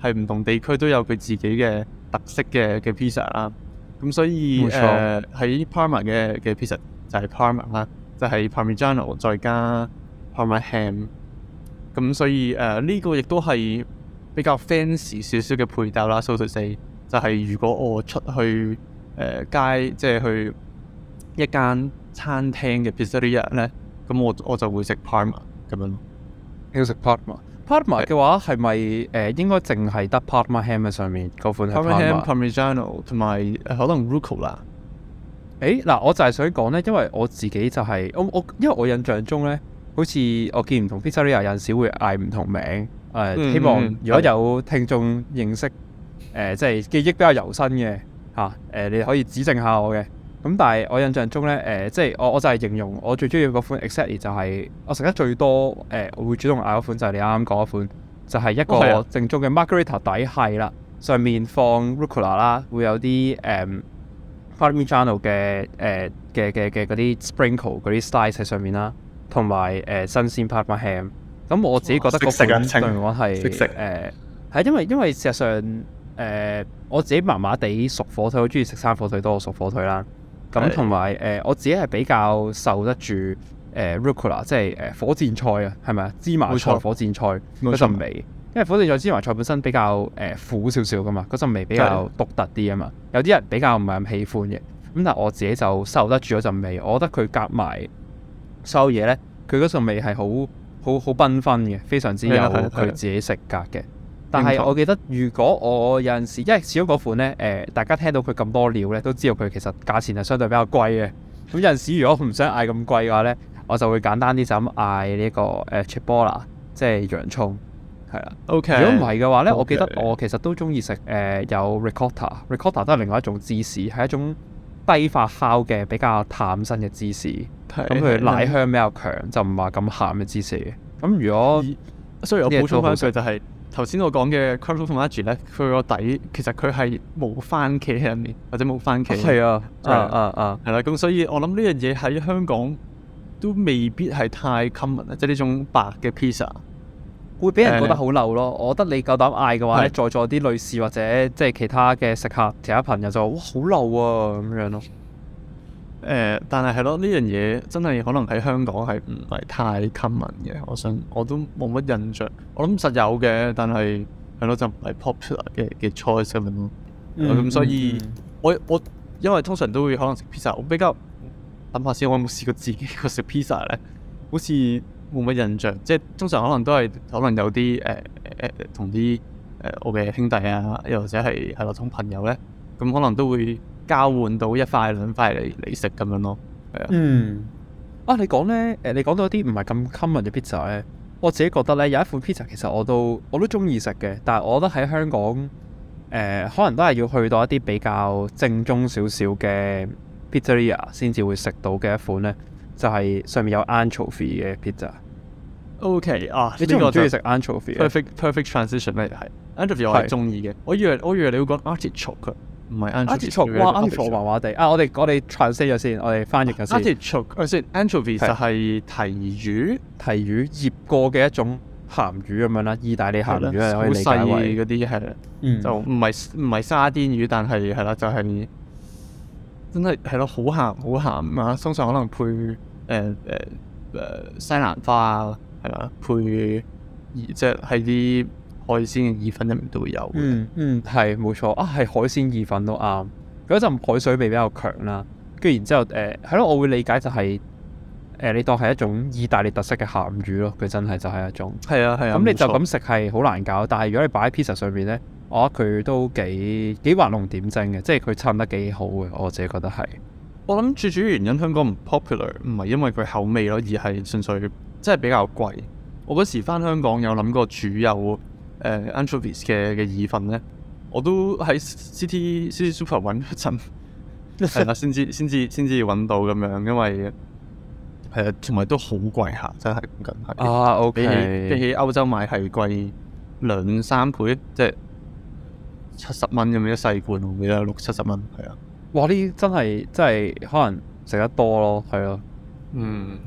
係唔同地區都有佢自己嘅特色嘅嘅 pizza 啦，咁所以誒喺 Parma 嘅嘅 pizza 就係 Parma 啦，就係 Parmigiano 再加 Parma ham，咁所以誒呢個亦都係比較 fancy 少少嘅配搭啦。So to say 就係，就係如果我出去誒街，即係去一間餐廳嘅 pizzeria 咧，咁我我就會食 Parma 咁樣咯。要食 Parma？Parma 嘅話係咪誒應該淨係得 Parma ham 喺上面？嗰款係 parmesan 同埋可能 rucola 誒，嗱，我就係想講咧，因為我自己就係、是、我我，因為我印象中咧，好似我見唔同 pizzeria 有陣時會嗌唔同名，誒，呃 mm hmm. 希望如果有聽眾認識誒、呃，即係記憶比較猶新嘅嚇誒，你可以指正下我嘅。咁但係我印象中咧，誒、呃，即係我我就係形容我最中意嗰款 exactly 就係、是、我食得最多，誒、呃，我會主動嗌嗰款就係你啱啱講嗰款，就係、是、一個正宗嘅 Margherita 底餡啦，上面放 rucola 啦，會有啲誒、嗯、Parmigiano 嘅誒嘅、呃、嘅嘅嗰啲 sprinkle 嗰啲 slice 喺上面啦，同埋誒新鮮帕馬 ham。咁我自己覺得嗰款對我係食誒，係、哦呃、因為因為事實上誒、呃、我自己麻麻地熟火腿好中意食生火腿多過熟火腿啦。咁同埋誒，我自己係比較受得住誒、呃、Rucola，即係誒、呃、火箭菜啊，係咪？芝麻菜、火箭菜嗰陣味，因為火箭菜、芝麻菜本身比較誒、呃、苦少少㗎嘛，嗰陣味比較獨特啲啊嘛。的有啲人比較唔係咁喜歡嘅，咁但係我自己就受得住嗰陣味。我覺得佢夾埋所有嘢咧，佢嗰陣味係好好好繽紛嘅，非常之有佢自己食格嘅。但係我記得，如果我有陣時，因為始終嗰款咧，誒、呃、大家聽到佢咁多料咧，都知道佢其實價錢係相對比較貴嘅。咁有陣時，如果唔想嗌咁貴嘅話咧，我就會簡單啲就咁嗌呢個誒切波拉，呃、ola, 即係洋葱，係啦。OK。如果唔係嘅話咧，okay, 我記得我其實都中意食誒有 ricotta，ricotta 都係另外一種芝士，係一種低發酵嘅比較淡身嘅芝士，咁佢的奶香比較強，的就唔話咁鹹嘅芝士，咁如果雖然我補翻佢就係，是。頭先我講嘅 crumbled tomato 咧，佢個底其實佢係冇番茄喺入面，或者冇番茄。係啊，啊啊啊，係啦，咁所以我諗呢樣嘢喺香港都未必係太 common 啊，即係呢種白嘅 pizza 會俾人覺得好流咯。嗯、我覺得你夠膽嗌嘅話咧，是在座啲女士或者即係其他嘅食客、其他朋友就哇好流啊咁樣咯。呃、但係係咯，呢樣嘢真係可能喺香港係唔係太 common 嘅。我想我都冇乜印象。我諗實有嘅，但係係咯就唔係 popular 嘅嘅 choice 咁咯。咁、嗯嗯、所以我我因為通常都會可能食 pizza，我比較諗、嗯、下先，我有冇試過自己個食 pizza 咧？好似冇乜印象。即係通常可能都係可能有啲誒誒同啲誒我嘅兄弟啊，又或者係係落咁朋友咧，咁可能都會。交換到一塊兩塊嚟嚟食咁樣咯，係啊。嗯，啊你講咧，誒你講到一啲唔係咁 common 嘅 pizza 咧，我自己覺得咧有一款 pizza 其實我都我都中意食嘅，但係我覺得喺香港誒、呃、可能都係要去到一啲比較正宗少少嘅 pizzeria 先至會食到嘅一款咧，就係、是、上面有 anchovy 嘅 pizza。O、okay, K 啊，你仲中唔中意食 anchovy？Perfect transition 咧，又係 anchovy，我係中意嘅。我以為我以為你要講 artichoke 唔係 anchovy，哇 anchovy 滑我地啊！我哋我哋 translate 咗先，我哋翻譯緊先。anchovy，我 anchovy 就係提魚提是魚醃過嘅一種鹹魚咁樣啦，的意大利鹹魚係，的可以理解嗰啲係就唔係唔係沙甸魚，但係係啦，就係真係係咯，好鹹好鹹啊！通常可能配誒誒誒西蘭花啊，係嘛？配即係啲。就是海鮮意粉入面都會有嘅、嗯，嗯，係冇錯啊，係海鮮意粉都啱嗰陣海水味比較強啦。跟住然後之後，誒係咯，我會理解就係、是、誒、呃、你當係一種意大利特色嘅鹹魚咯。佢真係就係一種係啊係啊，咁、啊、你就咁食係好難搞，但係如果你擺喺 pizza 上面咧，我覺得佢都幾幾畫龍點睛嘅，即係佢差唔多幾好嘅。我自己覺得係我諗最主要原因香港唔 popular，唔係因為佢口味咯，而係純粹即係比較貴。我嗰時返香港有諗過主有。誒 anchovies 嘅嘅意粉咧，我都喺 City City <music> Super 揾一陣，係啦， <laughs> 先至先至先至揾到咁樣，因為係啊，同埋 <laughs> 都好貴下，真係咁緊啊，OK，比起歐洲買係貴兩三倍，即係七十蚊咁樣一細罐，會有六七十蚊，係啊。哇！呢啲真係真係可能食得多咯，係咯，嗯。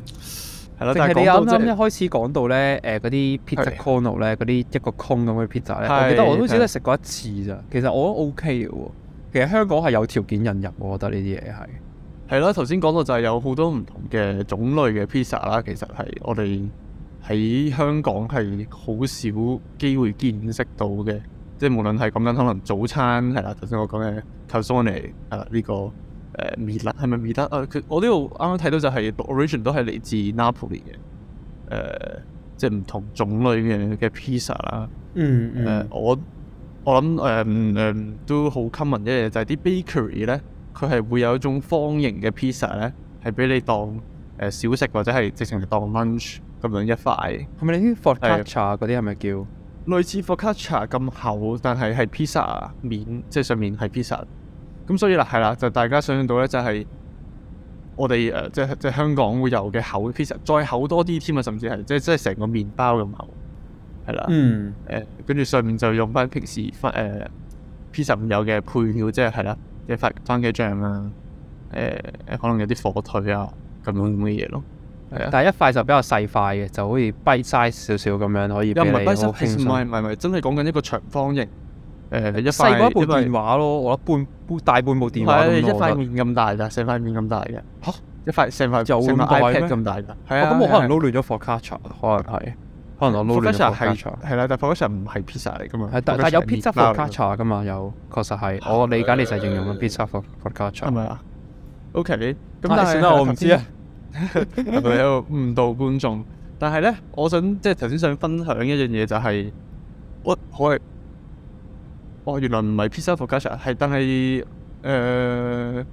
係你啱啱一開始講到咧，誒嗰啲 pizza corner 咧，嗰啲的一個空咁嘅 pizza 咧，的我記得我都只係食過一次咋。的其實我都 OK 喎、哦。其實香港係有條件引入，我覺得呢啲嘢係係啦。頭先講到就係有好多唔同嘅種類嘅 pizza 啦，其實係我哋喺香港係好少機會見識到嘅。即係無論係咁樣，可能早餐係啦，頭先我講嘅 calzone 係啦呢、這個。誒面粒係咪面粒，佢我呢度啱啱睇到就係 origin 都係嚟自 Napoli 嘅，誒，即係唔同種類嘅嘅 pizza 啦。嗯嗯、mm hmm. uh,。我我諗誒誒都好 common 嘅嘢，就係、是、啲 bakery 咧，佢係會有一種方形嘅 pizza 咧，係俾你當、呃、小食或者係直情當 lunch 咁樣一塊。係咪你啲 focaccia 嗰啲係咪叫類似 focaccia 咁厚，但係係 pizza 面，即、就是、上面係 pizza？咁所以啦，係啦，就大家想象到咧，就係、是、我哋即係即係香港會有嘅厚 pizza，再厚多啲添啊，甚至係即係即係成個麵包咁厚，係啦。嗯。誒、呃，跟住上面就用翻平時番誒 pizza 有嘅配料，即係係啦即係蕃番茄醬啊、呃，可能有啲火腿啊咁樣咁嘅嘢咯。係啊。但係一塊就比較細塊嘅，就好似 bite size 少少咁樣可以。唔係唔係唔係唔係，真係講緊一個長方形。誒一塊半電話咯，我覺得半半大半部電話一塊面咁大咋，成塊面咁大嘅。一塊成塊就 iPad 咁大咋。係啊，咁我可能撈亂咗 focaccia，可能係，可能我撈亂咗 focaccia。係啦，但 focaccia 唔係 pizza 嚟㗎嘛。但係有 pizza focaccia 㗎嘛？有。確實係，我理解你就形容咗 pizza focaccia，係咪啊？OK。咁但係我唔知啊。喺度誤導觀眾。但係咧，我想即係頭先想分享一樣嘢就係，我哦，原來唔係 Pizza Focaccia 係，但係呃，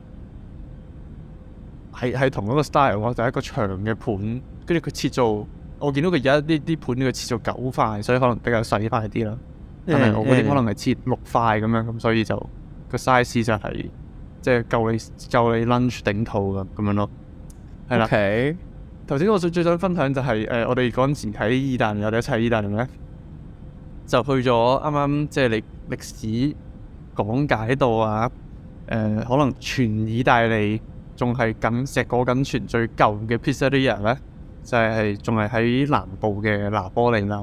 係係同嗰個 style，我就係一個長嘅盤，跟住佢切做我見到佢而家呢啲盤咧，佢切做九塊，所以可能比較細塊啲啦。但係我嗰啲可能係切六塊咁、yeah, yeah , yeah. 樣咁，所以就個 size 就係、是、即係夠你夠你 lunch 頂肚咁咁樣咯。係啦，頭先 Okay. 我最最想分享就係、是、誒、呃，我哋嗰時喺意大利，我哋一齊？意大利係咪？就去咗啱啱，即係你。歷史講解到啊，誒、呃、的可能全意大利仲係咁石嗰咁。全最舊嘅 pizzeria 咧，就係仲係喺南部嘅拿波里啦。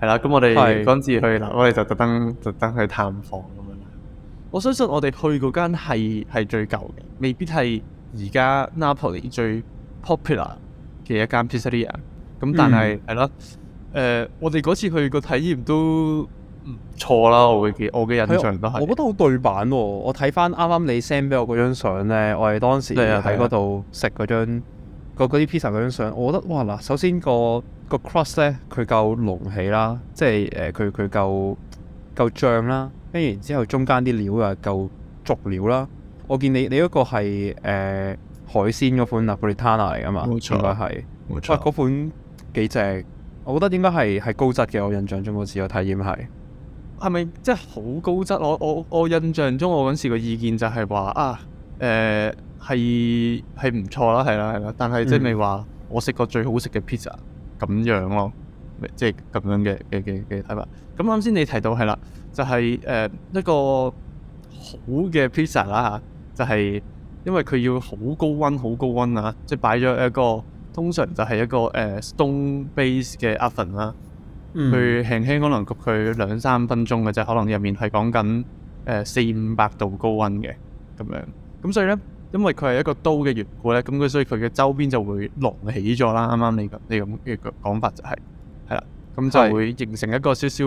係啦的，咁的我哋嗰次去，我哋就特登特登去探訪咁樣。我相信我哋去嗰間係係最舊嘅，未必係而家拿波里最 popular 嘅一間 pizzeria。咁但係係咯，誒、呃、我哋嗰次去個體驗都。錯啦，我會見我嘅印象都係，我覺得好對版。我睇翻啱啱你 send 俾我嗰張相咧，我哋當時咧喺嗰度食嗰張嗰啲 pizza 嗰張相，我覺得哇嗱，首先個個 crust 咧，佢夠隆起啦，即係誒，佢佢夠夠脹啦，跟住然後之後中間啲料又夠足料啦。我見你你嗰個係誒、呃、海鮮嗰款那布里塔納嚟噶嘛，冇錯，係冇錯，嗰錯、啊、款幾正，我覺得應該係係高質嘅。我印象中嗰次嘅體驗係。係咪即係好高質？我我我印象中我嗰時個意見就係話啊，誒係係唔錯啦，係啦係啦，但係即係未話我食過最好食嘅 pizza 咁樣咯，即係咁樣嘅嘅嘅嘅睇法。咁啱先你提到係、就係呃、啦，就係、係、誒、就係、一個好嘅 pizza 啦嚇，就係因為佢要好高温好高温啊，即係擺咗一個通常就係一個誒、呃、stone base 嘅 oven 啦。去、嗯、輕輕可能焗佢兩三分鐘嘅啫，可能入面係講緊誒四五百度高溫嘅咁樣。咁所以咧，因為佢係一個刀嘅緣故咧，咁佢所以佢嘅周邊就會隆起咗啦。啱啱你你咁嘅講法就係係啦，咁就會形成一個少少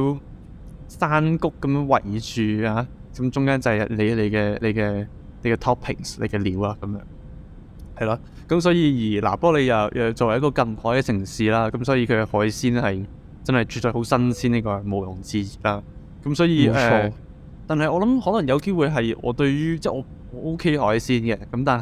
山谷咁樣圍住啊。咁中間就係你你嘅你嘅你嘅 toppings 你嘅料啊咁樣係咯。咁所以而拿波里又又作為一個近海嘅城市啦，咁所以佢嘅海鮮係。真係絕對好新鮮，呢、這個係毋庸置疑啦。咁所以誒，錯呃、但係我諗可能有機會係我對於即係、就是、我 OK 海鮮嘅，咁但係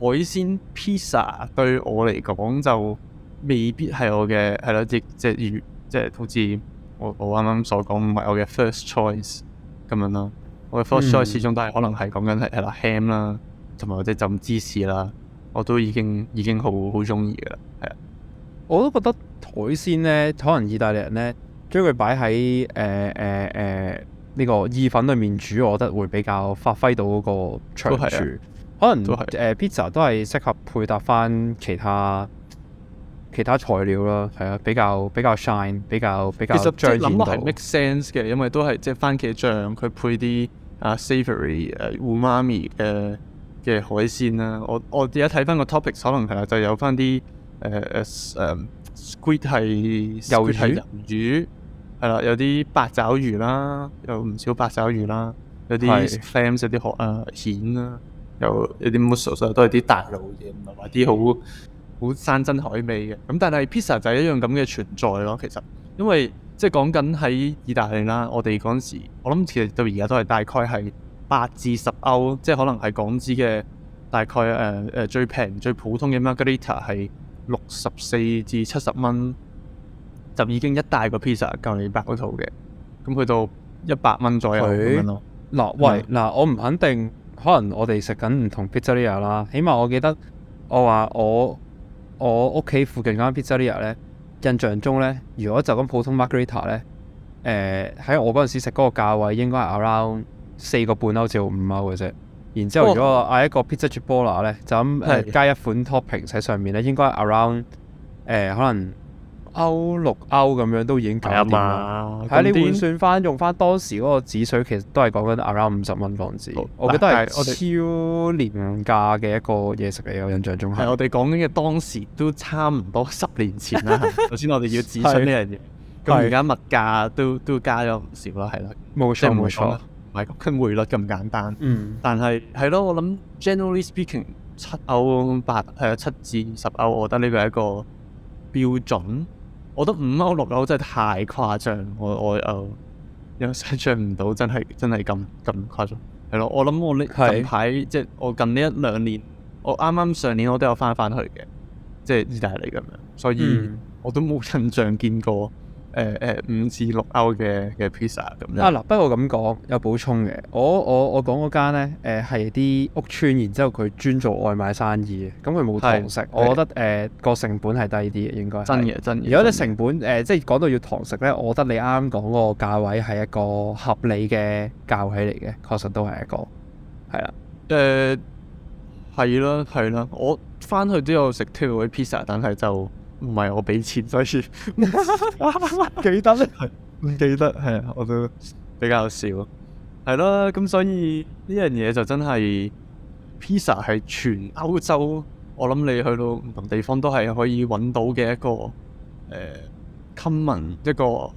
海鮮 pizza 對我嚟講就未必係我嘅係啦，即即係即係，好似我我啱啱所講唔係我嘅 first choice 咁樣啦。我嘅 first choice 始終都係可能係講緊係係啦 ham 啦，同埋或者浸芝士啦，我都已經已經好好中意嘅啦，係啊，的我都覺得。海鮮呢，可能意大利人呢，將佢擺喺誒誒誒呢個意粉裡面煮，我覺得會比較發揮到嗰個長處。都啊、可能誒 pizza 都係是適、呃、合配搭翻其他其他材料啦，係啊，比較比較 shine，比較比較。其實即係諗落係 make sense 嘅，因為都係即係番茄醬佢配啲 savory 誒、um、胡媽咪 umami 嘅嘅海鮮啦。我我而家睇翻個 topic，可能係、啊、就有翻啲誒誒誒。Uh, uh, squid 係魷 Squid 魚，是魚、魷係啦，有啲八爪魚啦，有唔少八爪魚啦，有啲 clams 有啲殼啊蜆啦，有些有啲 mushroom，有 mussels，都係啲大陸嘢，唔係話啲好好山珍海味嘅。咁但係 pizza 就係一樣咁嘅存在咯，其實，因為即係講緊喺意大利啦，我哋嗰陣時，我諗其實到而家都係大概係八至十歐，即、就、係、是、可能係港紙嘅大概誒誒、呃呃、最平最普通嘅 margarita 係。六十四至七十蚊就已經一大個 pizza，夠你飽肚嘅，咁去到一百蚊左右咯。嗱是，後喂，嗱、嗯，我唔肯定，可能我哋食緊唔同 pizzeria 啦。起碼我記得我話我，我屋企附近間 pizzeria 咧，印象中咧，如果就咁普通 Margherita 咧，誒、呃、喺我嗰陣時食嗰個價位應該係 around 四個半歐紙到五歐嘅啫。然之後，如果嗌一個 pizza ball 咧，就咁誒加一款 topping 喺上面咧，應該 around 誒可能歐六歐咁樣都已經夠啲啦。喺你換算翻用翻當時嗰個紙水，其實都係講緊 around 五十蚊港紙。我覺得係超廉價嘅一個嘢食嚟，我印象中係。係我哋講緊嘅當時都差唔多十年前啦。首先我哋要指出呢樣嘢，咁而家物價都都加咗唔少啦，係啦，冇錯冇錯。唔係佢匯率咁簡單，嗯、但係係咯，我諗 generally speaking，七歐八誒七至十歐，我覺得呢個係一個標準。我覺得五歐六歐真係太誇張，我我又又、呃、想象唔到真係真係咁咁誇張。係咯，我諗我呢近排即係我近呢是一兩年，我啱啱上年我都有翻返去嘅，即係意大利咁樣，所以我都冇印象見過。嗯嗯誒誒五至六歐嘅嘅 pizza 咁啊嗱，不過咁講有補充嘅，我我我講嗰間咧，誒係啲屋村，然之後佢專做外賣生意，咁佢冇堂食，的我覺得個的、呃、成本係低啲嘅，應該真嘅真嘅。而成本即係講到要堂食咧，我覺得你啱講嗰個價位係一個合理嘅價位嚟嘅，確實都係一個係啦。係啦係啦，我翻去都有食 t o Pizza，但係就。唔係我俾錢，所以唔記得咧，係唔、 <laughs> <laughs> 啊、記得，係啊，我都比較少，係咯，咁所以呢樣嘢就真係 Pizza 係全歐洲，我諗你去到唔同地方都係可以揾到嘅一個誒 common、呃、一個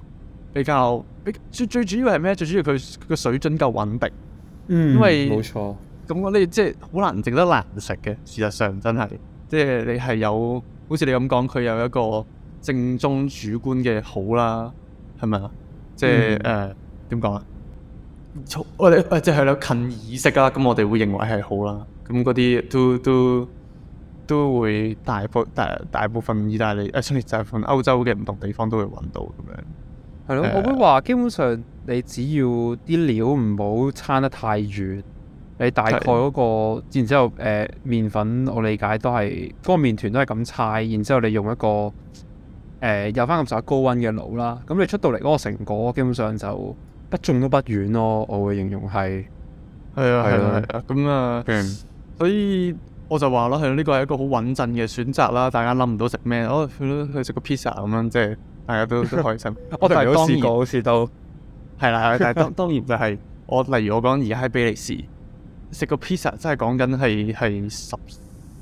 比較，比較最最主要係咩？最主要佢佢個水準夠穩定，嗯，因為冇錯，咁我哋即係好難整得難食嘅，事實上真係，即係你係有。好似你咁講，佢有一個正宗主觀嘅好啦，係咪啊？即係誒點講啊？我哋即係咧近意識啦，咁我哋會認為係好啦。咁嗰啲都都都會大部大大部分意大利，甚至係部分歐洲嘅唔同地方都會搵到咁樣。係咯的，呃，我會話基本上你只要啲料唔好差得太遠。你大概嗰個，然之後誒、呃、麪粉，我理解都係嗰個麵團都係咁拆，然之後你用一個誒有翻咁多高溫嘅爐啦，咁你出到嚟嗰個成果，基本上就不中都不遠咯。我會形容係係啊係啊，啊、嗯。咁啊，所以我就話咯，係呢、呢個係一個好穩陣嘅選擇啦。大家諗唔到食咩，我、哦、去食個 pizza 咁樣，即係大家都都開心。 <laughs> 我哋都試過當然好似都，係啦，但係當然就係我例如我講而家喺比利時。食個 pizza 真係講緊係十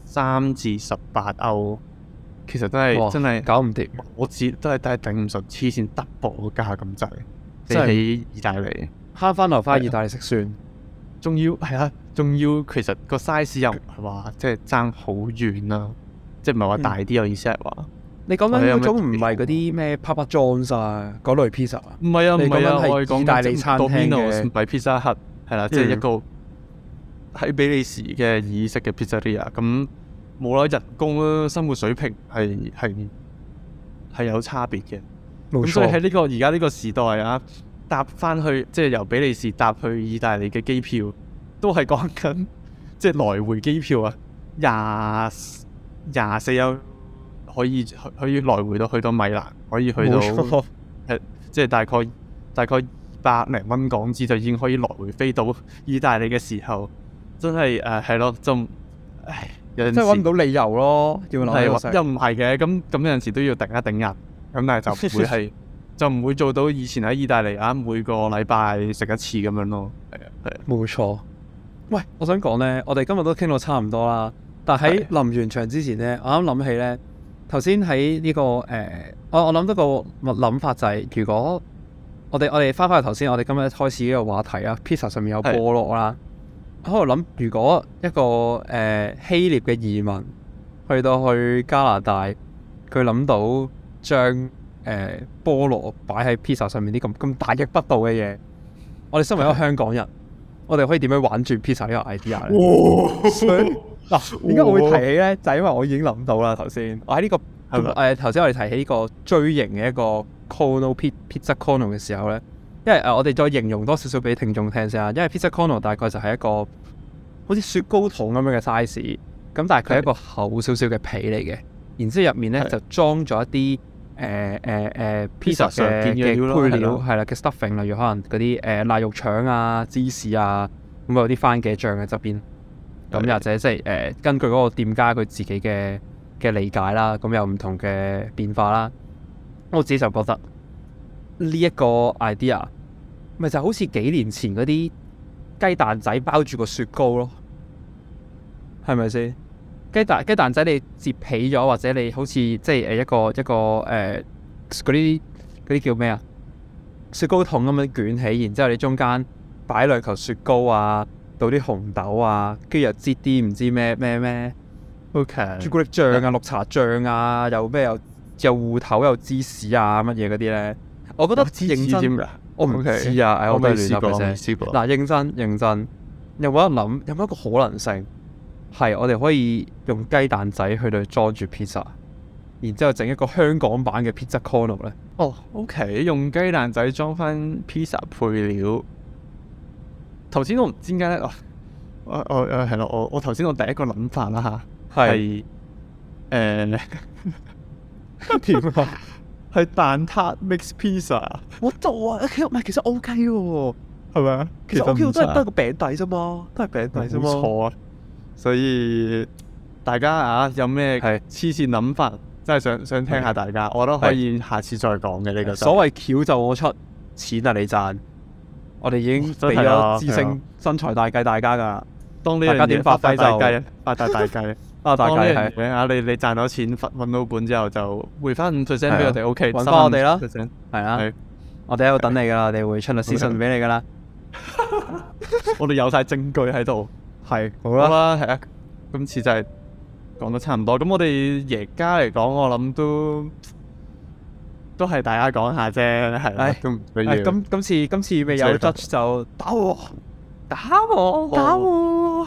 三至十八歐，其實哇真係真係搞唔掂。我只都係都係頂唔順，黐線 double 個價咁滯，即係喺意大利慳翻嚟翻意大利食算。仲要係啊，仲要、要其實個 size 又唔係話即係爭好遠啊。即係唔係話大啲？我意思係話你講緊嗰種唔係嗰啲咩 Papa John's 嗰類 pizza 啊？唔係啊，唔係啊，我係講意大利餐廳唔係 Pizza Hut 係啦，即係、啊嗯、一個。喺比利時嘅意式嘅 pizzeria，咁冇啦人工啦，生活水平係係係有差別嘅。咁錯所以喺呢、這個而家呢個時代啊，搭翻去即係、就是、由比利時搭去意大利嘅機票，都係講緊即係來回機票啊。廿廿四歐可以可以來回到去到米蘭，可以去到即係錯、就是、大概大概二百零蚊港紙就已經可以來回飛到意大利嘅時候。真係誒係咯，唉，有陣時揾唔到理由咯，要諗又唔係嘅，咁咁有陣時都要頂一頂人，啊，咁但係就唔會係 <laughs> 就唔會做到以前喺意大利啊每個禮拜食一次咁樣咯，係啊，係啊，冇錯。喂，我想講咧，我哋今日都傾到差唔多啦，但係喺臨完場之前咧的、這個呃，我啱諗起咧，頭先喺呢個誒，我我諗到個諗法就係、是，如果我哋我哋翻返去頭先，我哋今日開始呢個話題啊，pizza 上面有菠蘿啦。喺度諗，如果一個誒、呃、希臘嘅移民去到去加拿大，佢諗到將誒、呃、菠蘿擺喺披薩上面啲咁咁大逆不道嘅嘢，我哋身為一個香港人， <laughs> 我哋可以點樣玩轉披薩呢個 idea 咧？哇！嗱，點、啊、解我會提起咧？哇就係因為我已經諗到啦。頭先我喺呢、這個係咪誒頭先我哋提起呢個錐形嘅一個 cone pizza cone 嘅時候咧？因為誒，我哋再形容多少少俾聽眾聽先啊。因為 Pizza Corner 大概就係一個好似雪糕筒咁樣嘅 size，咁但係佢係一個厚少少嘅皮嚟嘅，是然之後入面咧就裝咗一啲誒誒誒 Pizza 是的上嘅配料，係啦嘅 stuffing，例如可能嗰啲誒辣肉腸啊、芝士啊，咁、嗯、有啲番茄醬喺側邊，咁又或者即係誒根據嗰個店家佢自己嘅嘅理解啦，咁、嗯、有唔同嘅變化啦。我自己就覺得。呢一個 idea 咪就好似幾年前嗰啲雞蛋仔包住個雪糕咯，係咪先？雞蛋雞蛋仔你折起咗，或者你好似即係一個一個誒嗰啲啲叫咩啊，雪糕筒咁樣捲起，然之後你中間擺兩球雪糕啊，倒啲紅豆啊，跟住又擠啲唔知咩咩咩，OK 朱古力醬啊、綠茶醬啊，又咩又又芋頭又芝士啊乜嘢嗰啲呢？我覺得認真，我唔知啊，哎、我未試過先。嗱，試認真認真，有冇得個諗，有冇一個可能性，係我哋可以用雞蛋仔去到裝住 pizza，然之後整一個香港版嘅 pizza corner 咧。哦，OK，用雞蛋仔裝翻 pizza 配料。頭先我唔知點解咧，哦、啊，哦、啊，我係咯，我我頭先我第一個諗法啦嚇，係誒點啊？ <laughs> 係蛋撻 mix pizza，我做啊，唔係其實 O K 嘅喎，係咪啊？其實 O K，都係得個餅底啫嘛，都係餅底啫嘛。冇錯，所以大家啊，有咩黐線諗法，真係想想聽下大家，我都可以下次再講嘅呢個。所謂橋就我出錢啊，你賺，我哋已經俾咗資生身材大計大家㗎，當你大家點發揮就發大大計。啊！大家係啊！你你賺到錢，揾揾到本之後就回翻五 percent 俾我哋，OK，揾翻我哋啦，係啊，我哋喺度等你噶啦，我哋會出律師信俾你噶啦，我哋有晒證據喺度，係好啦，係啊，今次就係講得差唔多，咁我哋而家嚟講，我諗都都係大家講下啫，係，咁，咁今次今次未有得就打我，打我，打我。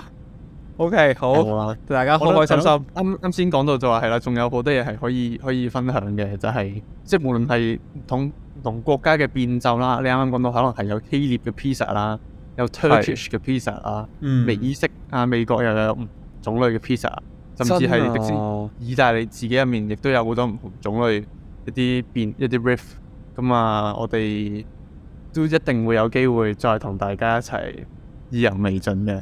OK，好，大家開開心心。啱啱先講到就話係啦，仲有好多嘢係可以可以分享嘅，就係即係無論係同同國家嘅變奏啦。你啱啱講到可能係有希臘嘅 pizza 啦，有土耳其嘅 pizza 啊，美式啊，美國又有種類嘅 pizza，甚至係迪士意大利自己入面亦都有好多唔同種類一啲變一啲 riff。咁啊，我哋都一定會有機會再同大家一齊意猶未盡嘅。